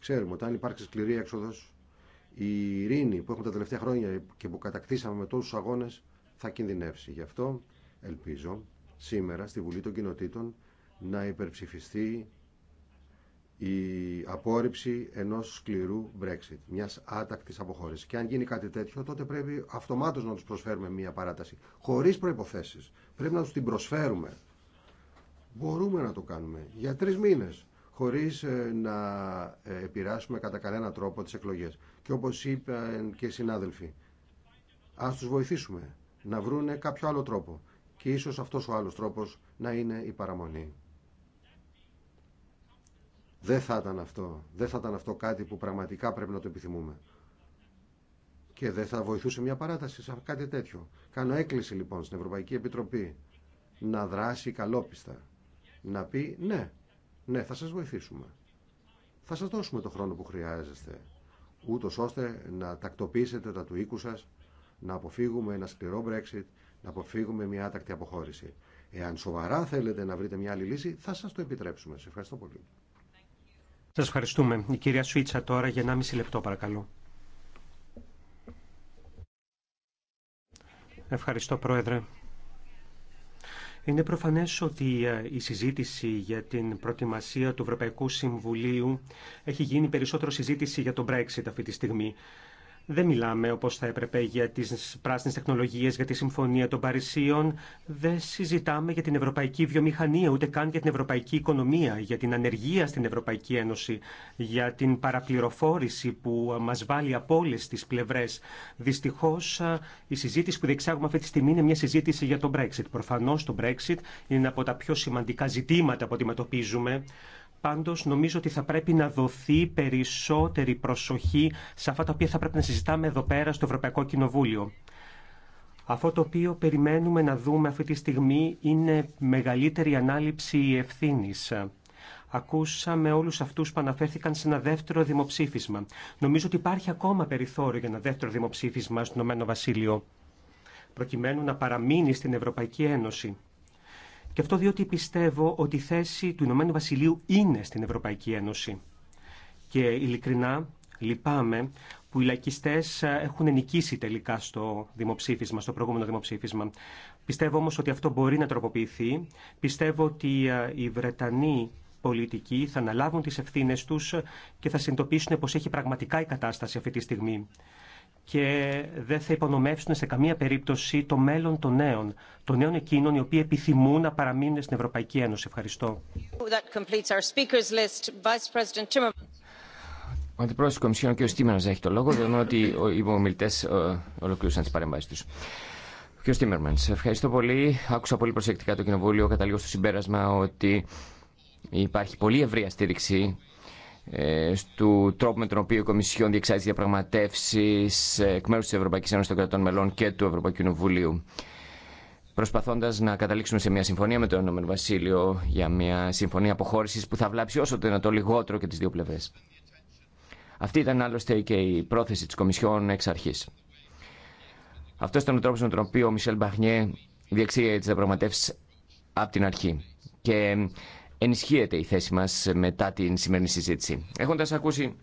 Ξέρουμε ότι αν υπάρξει σκληρή έξοδος, η ειρήνη που έχουμε τα τελευταία χρόνια και που κατακτήσαμε με τόσους αγώνες θα κινδυνεύσει. Γι' αυτό ελπίζω σήμερα στη Βουλή των Κοινοτήτων να υπερψηφιστεί η απόρριψη ενός σκληρού Brexit, μιας άτακτης αποχώρησης. Και αν γίνει κάτι τέτοιο, τότε πρέπει αυτομάτως να τους προσφέρουμε μια παράταση, χωρίς προϋποθέσεις. Πρέπει να τους την προσφέρουμε. Μπορούμε να το κάνουμε για τρεις μήνες, χωρίς ε, να ε, επηράσουμε κατά κανένα τρόπο τις εκλογές. Και όπως είπαν και οι συνάδελφοι, ας τους βοηθήσουμε να βρούνε κάποιο άλλο τρόπο. Και ίσως αυτός ο άλλος τρόπος να είναι η παραμονή. Δεν θα ήταν αυτό. Δεν θα ήταν αυτό κάτι που πραγματικά πρέπει να το επιθυμούμε. Και δεν θα βοηθούσε μια παράταση σε κάτι τέτοιο. Κάνω έκκληση λοιπόν στην Ευρωπαϊκή Επιτροπή να δράσει καλόπιστα. Να πει ναι, ναι θα σας βοηθήσουμε. Θα σας δώσουμε το χρόνο που χρειάζεστε. Ούτως ώστε να τακτοποιήσετε τα του οίκου σας να αποφύγουμε ένα σκληρό Brexit, να αποφύγουμε μια άτακτη αποχώρηση. Εάν σοβαρά θέλετε να βρείτε μια άλλη λύση, θα σας το επιτρέψουμε. Σας ευχαριστώ πολύ. Σας ευχαριστούμε. Η κυρία Σουίτσα τώρα για 1,5 λεπτό παρακαλώ. Ευχαριστώ Πρόεδρε. Είναι προφανές ότι ε, η συζήτηση για την προετοιμασία του Ευρωπαϊκού Συμβουλίου έχει γίνει περισσότερο συζήτηση για τον Brexit αυτή τη στιγμή. Δεν μιλάμε όπω θα έπρεπε για τι πράσινε τεχνολογίε για τη Συμφωνία των Παρισίων. Δεν συζητάμε για την ευρωπαϊκή βιομηχανία, ούτε καν για την ευρωπαϊκή οικονομία, για την ανεργία στην Ευρωπαϊκή Ένωση, για την παραπληροφόρηση που μα βάλει από όλε τι πλευρέ. Δυστυχώ, η συζήτηση που διεξάγουμε αυτή τη στιγμή είναι μια συζήτηση για τον Brexit. Προφανώ το Brexit είναι από τα πιο σημαντικά ζητήματα που αντιμετωπίζουμε. Πάντως νομίζω ότι θα πρέπει να δοθεί περισσότερη προσοχή σε αυτά τα οποία θα πρέπει να συζητάμε εδώ πέρα στο Ευρωπαϊκό Κοινοβούλιο. Αυτό το οποίο περιμένουμε να δούμε αυτή τη στιγμή είναι μεγαλύτερη ανάληψη ευθύνης. Ακούσαμε όλους αυτούς που αναφέρθηκαν σε ένα δεύτερο δημοψήφισμα. Νομίζω ότι υπάρχει ακόμα περιθώριο για ένα δεύτερο δημοψήφισμα στον Ηνωμένο Βασίλειο, προκειμένου να παραμείνει στην Ευρωπαϊκή Ένωση. Και αυτό διότι πιστεύω ότι η θέση του Ηνωμένου Βασιλείου είναι στην Ευρωπαϊκή Ένωση. Και ειλικρινά λυπάμαι που οι λαϊκιστές ε, έχουν νικήσει τελικά στο δημοψήφισμα, στο προηγούμενο δημοψήφισμα. Πιστεύω όμως ότι αυτό μπορεί να τροποποιηθεί. Πιστεύω ότι ε, οι Βρετανοί πολιτικοί θα αναλάβουν τις ευθύνε του και θα συνειδητοποιήσουν πω έχει πραγματικά η κατάσταση αυτή τη στιγμή και δεν θα υπονομεύσουν σε καμία περίπτωση το μέλλον των νέων, των νέων εκείνων οι οποίοι επιθυμούν να παραμείνουν στην Ευρωπαϊκή Ένωση. Ευχαριστώ. Ο Αντιπρόεδρος της Κομισιόν, ο κ. έχει το λόγο, δεδομένου ότι οι υπομιλητές ε, ολοκλήρωσαν τις παρεμβάσεις τους. Κ. σε ευχαριστώ πολύ. Άκουσα πολύ προσεκτικά το Κοινοβούλιο. Καταλήγω στο συμπέρασμα ότι υπάρχει πολύ ευρεία στήριξη ε, του τρόπου με τον οποίο η Κομισιόν διεξάγει διαπραγματεύσει ε, εκ μέρου τη Ευρωπαϊκή Ένωση των Κρατών Μελών και του Ευρωπαϊκού Κοινοβουλίου. Προσπαθώντα να καταλήξουμε σε μια συμφωνία με το Ηνωμένο Βασίλειο για μια συμφωνία αποχώρηση που θα βλάψει όσο το δυνατό λιγότερο και τι δύο πλευρέ. Αυτή ήταν άλλωστε και η πρόθεση τη Κομισιόν εξ αρχή. Αυτό ήταν ο τρόπο με τον οποίο ο Μισελ Μπαχνιέ διεξήγαγε τι διαπραγματεύσει από την αρχή. Και ενισχύεται η θέση μας μετά την σημερινή συζήτηση. Έχοντας ακούσει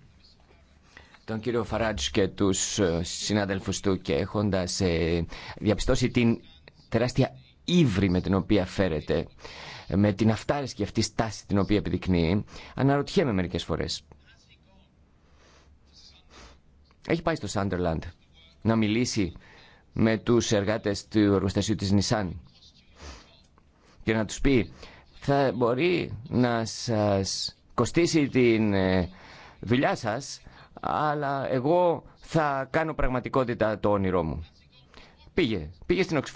τον κύριο Φαράτζ και τους ε, συναδέλφους του και έχοντας ε, διαπιστώσει την τεράστια ύβρη με την οποία φέρεται, με την και αυτή στάση την οποία επιδεικνύει, αναρωτιέμαι μερικές φορές. Έχει πάει στο Σάντερλαντ να μιλήσει με τους εργάτες του εργοστασίου της Νισάν και να τους πει θα μπορεί να σας κοστίσει την ε, δουλειά σας, αλλά εγώ θα κάνω πραγματικότητα το όνειρό μου. Πήγε, πήγε στην Οξφόρδη.